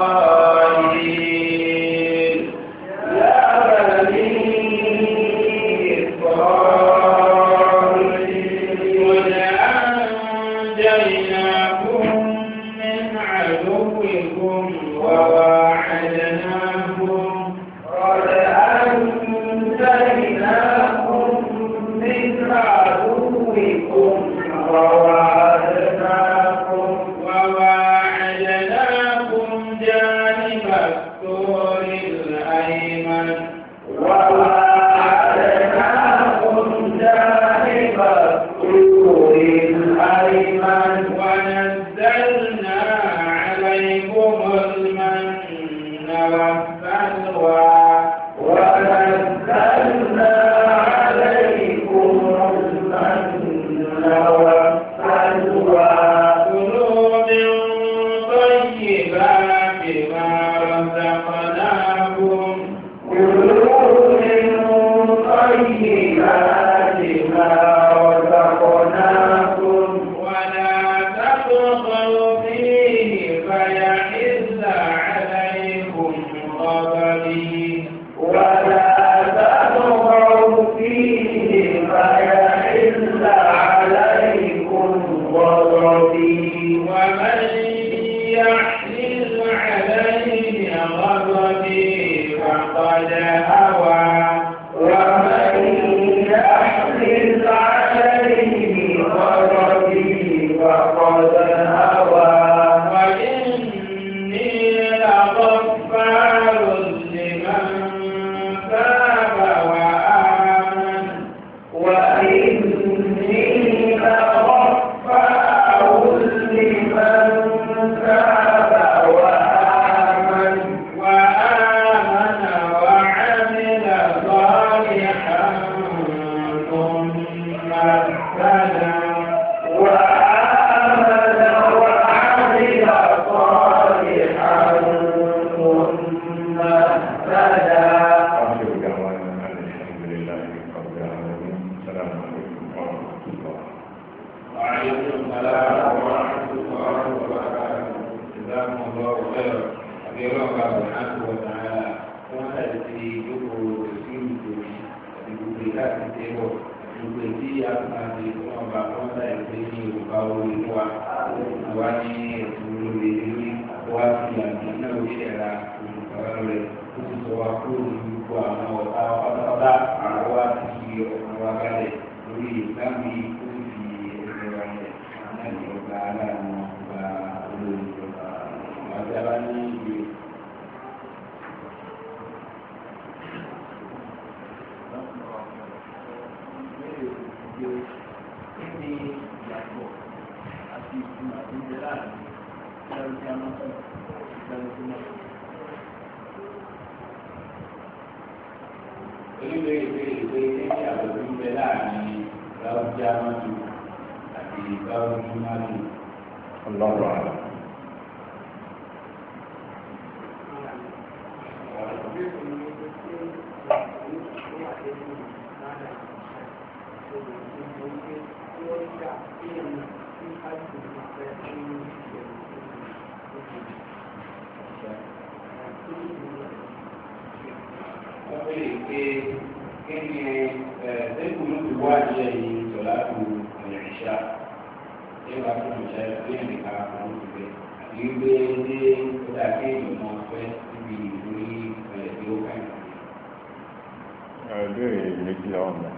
ilẹ̀ ọ̀nà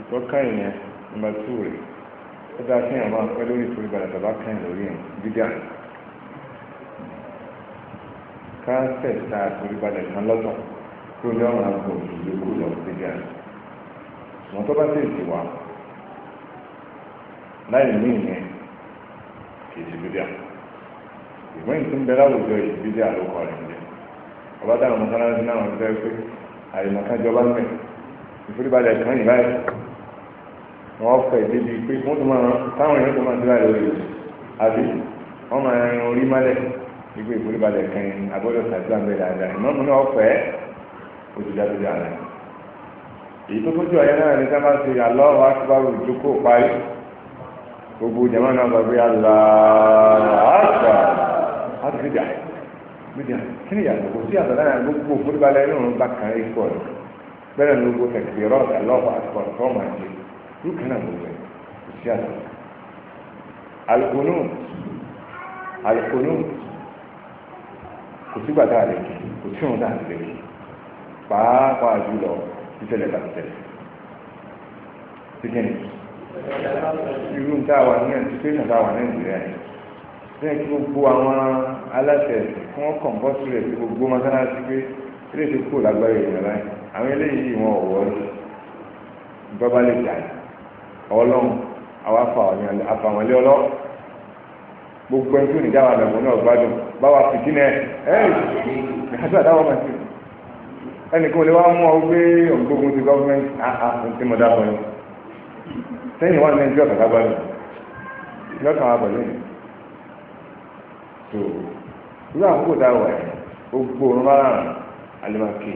ìtọ́ka rẹ̀ ó sí àwọn akpẹ́ lórí ìforí balẹ̀ bàbá kan lórí ẹ̀ dídá káńsẹ̀ tá a forí balẹ̀ kan lọ́tọ̀ kó ní ọ̀nà àgbò ìyókù lọ dídá wọn tó bá sì ti wà láì ní ìyẹn kì í ti ìwé láwùjọ ló ọba pé àyè ìforíbalẹ̀ ẹ̀sìn ní báyìí wọ́n fẹ̀ débi pé wọ́n tún máa táwọn èèyàn tó máa ti báyìí lórí àbí wọ́n máa rin orí mọ́lẹ̀ ìgbé ìforíbalẹ̀ kan agbọ́dọ̀ sàdúrà ń bẹ dáadáa ìmọ̀mù náà fẹ́ òtúdájú àná èyí tó tójú ayé náà ní sábà ṣe aláwọ̀ akíbárò ìjókòó parí gbogbo jama náà gbàgbé aláàbà àtúndà gbẹdẹ kí ni yàtọ̀ kò sí yàtọ̀ láyà gbogbo ìforíbalẹ̀ ẹ̀rọ bá bẹ́ẹ̀ ni gbogbo tẹ̀síọ́rọ́ ọ̀tàlọ́wọ́ àtọ̀tọ̀ máa ṣe lókè náà gbogbo ẹ̀ kò sí àtọ̀. alukonu alukonu kò sígbà tá a lè kí kò sí òun tá a lè kí pàápàá jùlọ títẹ̀lẹ̀ bá tẹ̀lẹ̀ títẹ̀ ní irú tá a wà ní àtúnṣe tá a wà ní nàìjíríà yìí bẹ́ẹ̀ kí gbogbo àwọn aláṣẹ fún ọkàn bọ́sùlẹ̀ gbogbo mọ́sálásí pé ilé ti kú lágbára èèyàn láì àwọn eléyìí wọn ò wọlé ìjọba lè jà ọlọ́run àwa ọlọ́ gbogbo ẹni tó ní dáwà lẹ́mọ̀ náà gbádùn báwa náà ẹnìkan mú ọ gbé ti àhà mo dábọ̀ sẹ́yìn wọn kàkà gbádùn àkókò tá a wà yẹn gbogbo ọ̀run bá rà alimaki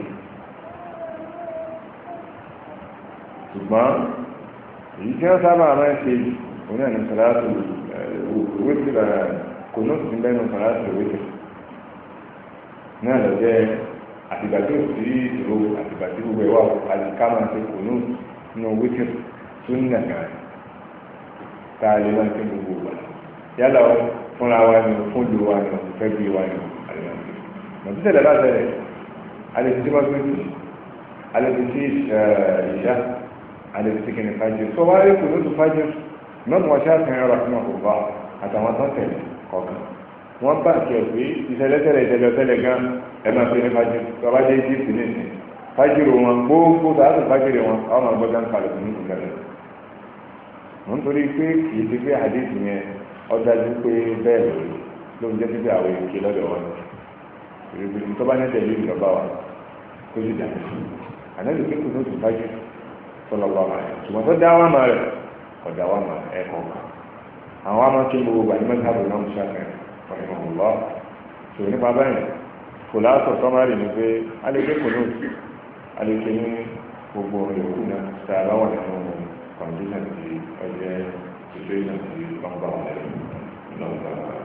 ṣùgbọ́n èyí tí wọ́n sábà máa ń ṣe òun náà ní sàlátù eh, wíṣí kò ní òsì bẹ́ẹ̀ ní sàlátù wíṣí náà lọ jẹ́ àtìgbà tí òsì ìṣòro àtìgbà tí gbogbo ẹ̀wà àyíká máa ṣe kò ní nínú wíṣí súnà kan tá a lè máa ṣe gbogbo wa yálà fúnra wa ni fún ìlú wa ni fẹ́ bí wa ni àyíká mọ̀ títẹ̀lẹ̀ bá tẹ̀lẹ̀ alẹ́ ti mọ́gbẹ́tì alẹ́ ti ti ìṣá alẹ́ ti kìnnì fájì tó wá rí kò lóṣù fájì lọ́nà wọ́n ṣe àtẹ̀yìn ọ̀rọ̀ fún ọ̀gbà àtàwọn tó tẹ̀lé kọ̀ọ̀kan wọ́n bá tiẹ̀ pé ìṣẹ̀lẹ̀tẹ̀lẹ̀ ìṣẹ̀lẹ̀tẹ̀lẹ̀ gan ẹ̀ máa fi ní fájì tó bá jẹ́ ìdí ìpínlẹ̀ ìsìn fájì rò wọn gbogbo tààtù fájì rò wọn àwọn ọmọ gbọ́dọ̀ ń kalẹ̀ fún ìgbàlẹ̀ wọ́n torí pé kì ti pé àdéhùn yẹn ọjà ti pé bẹ́ẹ̀ lórí ló ń jẹ́ pípé àwọn èké lọ́dọ̀ wọn ìrìnbìrì tó bá ní tẹ̀lé ìjọba wa kó sì dà ànábì kékeré ló ti bájú sọlọ́wọ́ àwọn àyè ṣùgbọ́n tó dá wà máa rẹ̀ ọ̀dà wà máa ẹ̀kọ́ kan àwọn àmọ́ kí gbogbo gbà ní mẹ́ta bòrán ṣàfihàn ọ̀rìnmọ̀lọ́ tó nípa báyìí kò láàtọ̀ sọ́márì ni pé alégbé kò ní òsì alégbé ní gbogbo ìyókù náà tá a bá wà nínú kọ̀ǹdíṣàn ti ọjọ́ ìṣẹ́ ìṣẹ́ ìṣẹ́ ìṣẹ́ ìṣẹ́ ìṣẹ́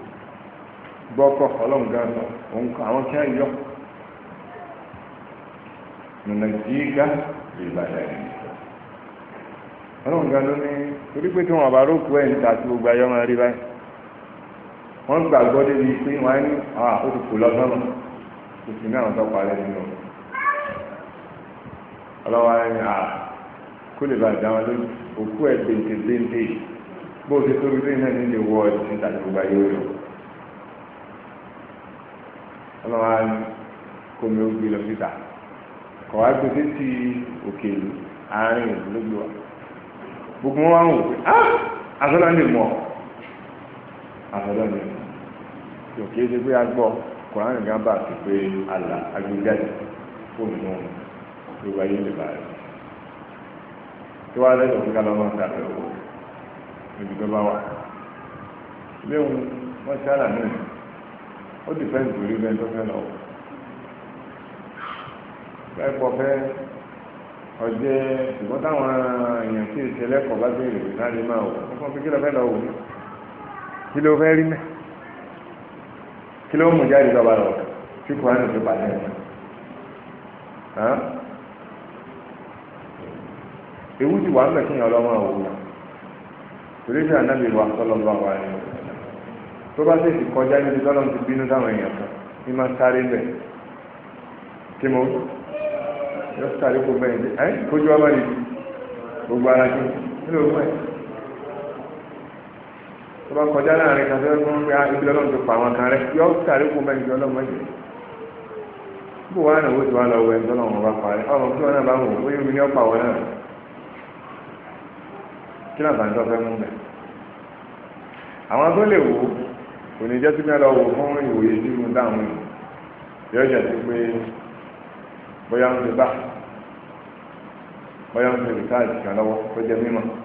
gbọ́kọ̀ ọlọ́run gan sọ òun kan àwọn tí a yọ nùnà jíga ìbàdàn yìí ọlọ́run gan ló ní torí pé tí wọn bá rókù ẹ̀ níta tí gbogbo ayọ́ máa rí báyìí wọ́n gbàgbọ́ débi pé wọ́n á ní ó ti kù lọ́sọ́nà kò sí ní àwọn tó parẹ́ nínú ọlọ́wọ́ á ní kó lè bàjẹ́ àwọn lójú òkú ẹ̀ bèntè bèntè bó o ti tóbi tó iná nílé wọ́ọ̀dì níta tí gbogbo ayọ́ yọ̀ ọlọ́wọ́ á ní kómi ó gbé lọ síta kọ̀ wá gbé sétí òkè ìlú àárín ìlú ló gbé wa gbogbo wọn wá ń wò pé á asọ́dọ̀ ń lè mọ̀ asọ́dọ̀ ń lè mọ̀ òkè ṣe pé a gbọ́ kọ̀ọ̀rán nìkan bá ti pé àlà agbègbè fóònù wáyé lè bá rẹ̀ tí wàá lẹ́yìn òfin ká lọ́wọ́ ta bẹ̀rẹ̀ wò bá wà léwu wọ́n ṣáàlà náà ó ti fẹ́ǹtì lórí bẹ́ẹ̀ tó fẹ́ lọ. lẹ́pọ̀ fẹ́ ọjẹ́ ṣùgbọ́n táwọn èèyàn tí ìṣe lẹ́kọ̀ọ́ bá béèrè náà lè máa wò ó fọ́n fi kí lọ fẹ́ lọ wò ó kí ló fẹ́ rí mẹ́ kí ló mú jáde lọ́ba lọ tí kò hánà tó bàtà ẹ̀ ewu ti wà ń bẹ̀ kí èèyàn ọlọ́mọ òwúrọ̀ torí ṣe ànábì wa sọ́lọ́ bá wà nínú tó bá tètè kọjá níbi tọ́lọ́n ti bínú táwọn èèyàn kan ní máa sáré bẹ̀ kí mo yọ sáré kó bẹ́ẹ̀ dé ẹ́ kójú ọmọ yìí gbogbo ara kí nílò fún ẹ̀ tó bá kọjá láàrin kan tó yẹ kó ń pẹ́ ah, ibi tọ́lọ́n ti pa àwọn kan rẹ yọ sáré kó bẹ́ẹ̀ dé ọlọ́mọ yìí bó wàá nàwó tí wàá lọ wẹ ńtọ́nà wọn bá parí ọmọ tí wọn náà bá wò ó yẹ kí náà bá fẹ́ mú bẹ́ẹ̀ àwọn tó lè wò ó kò jẹ́ sí pé lọ́wọ́ fún ìwòye tí mo dáhùn yóò jẹ́ sí pé bóyá ń ṣe bá bóyá ń ṣe rìsáàjì kan lọ́wọ́ tó jẹ́ mímọ́.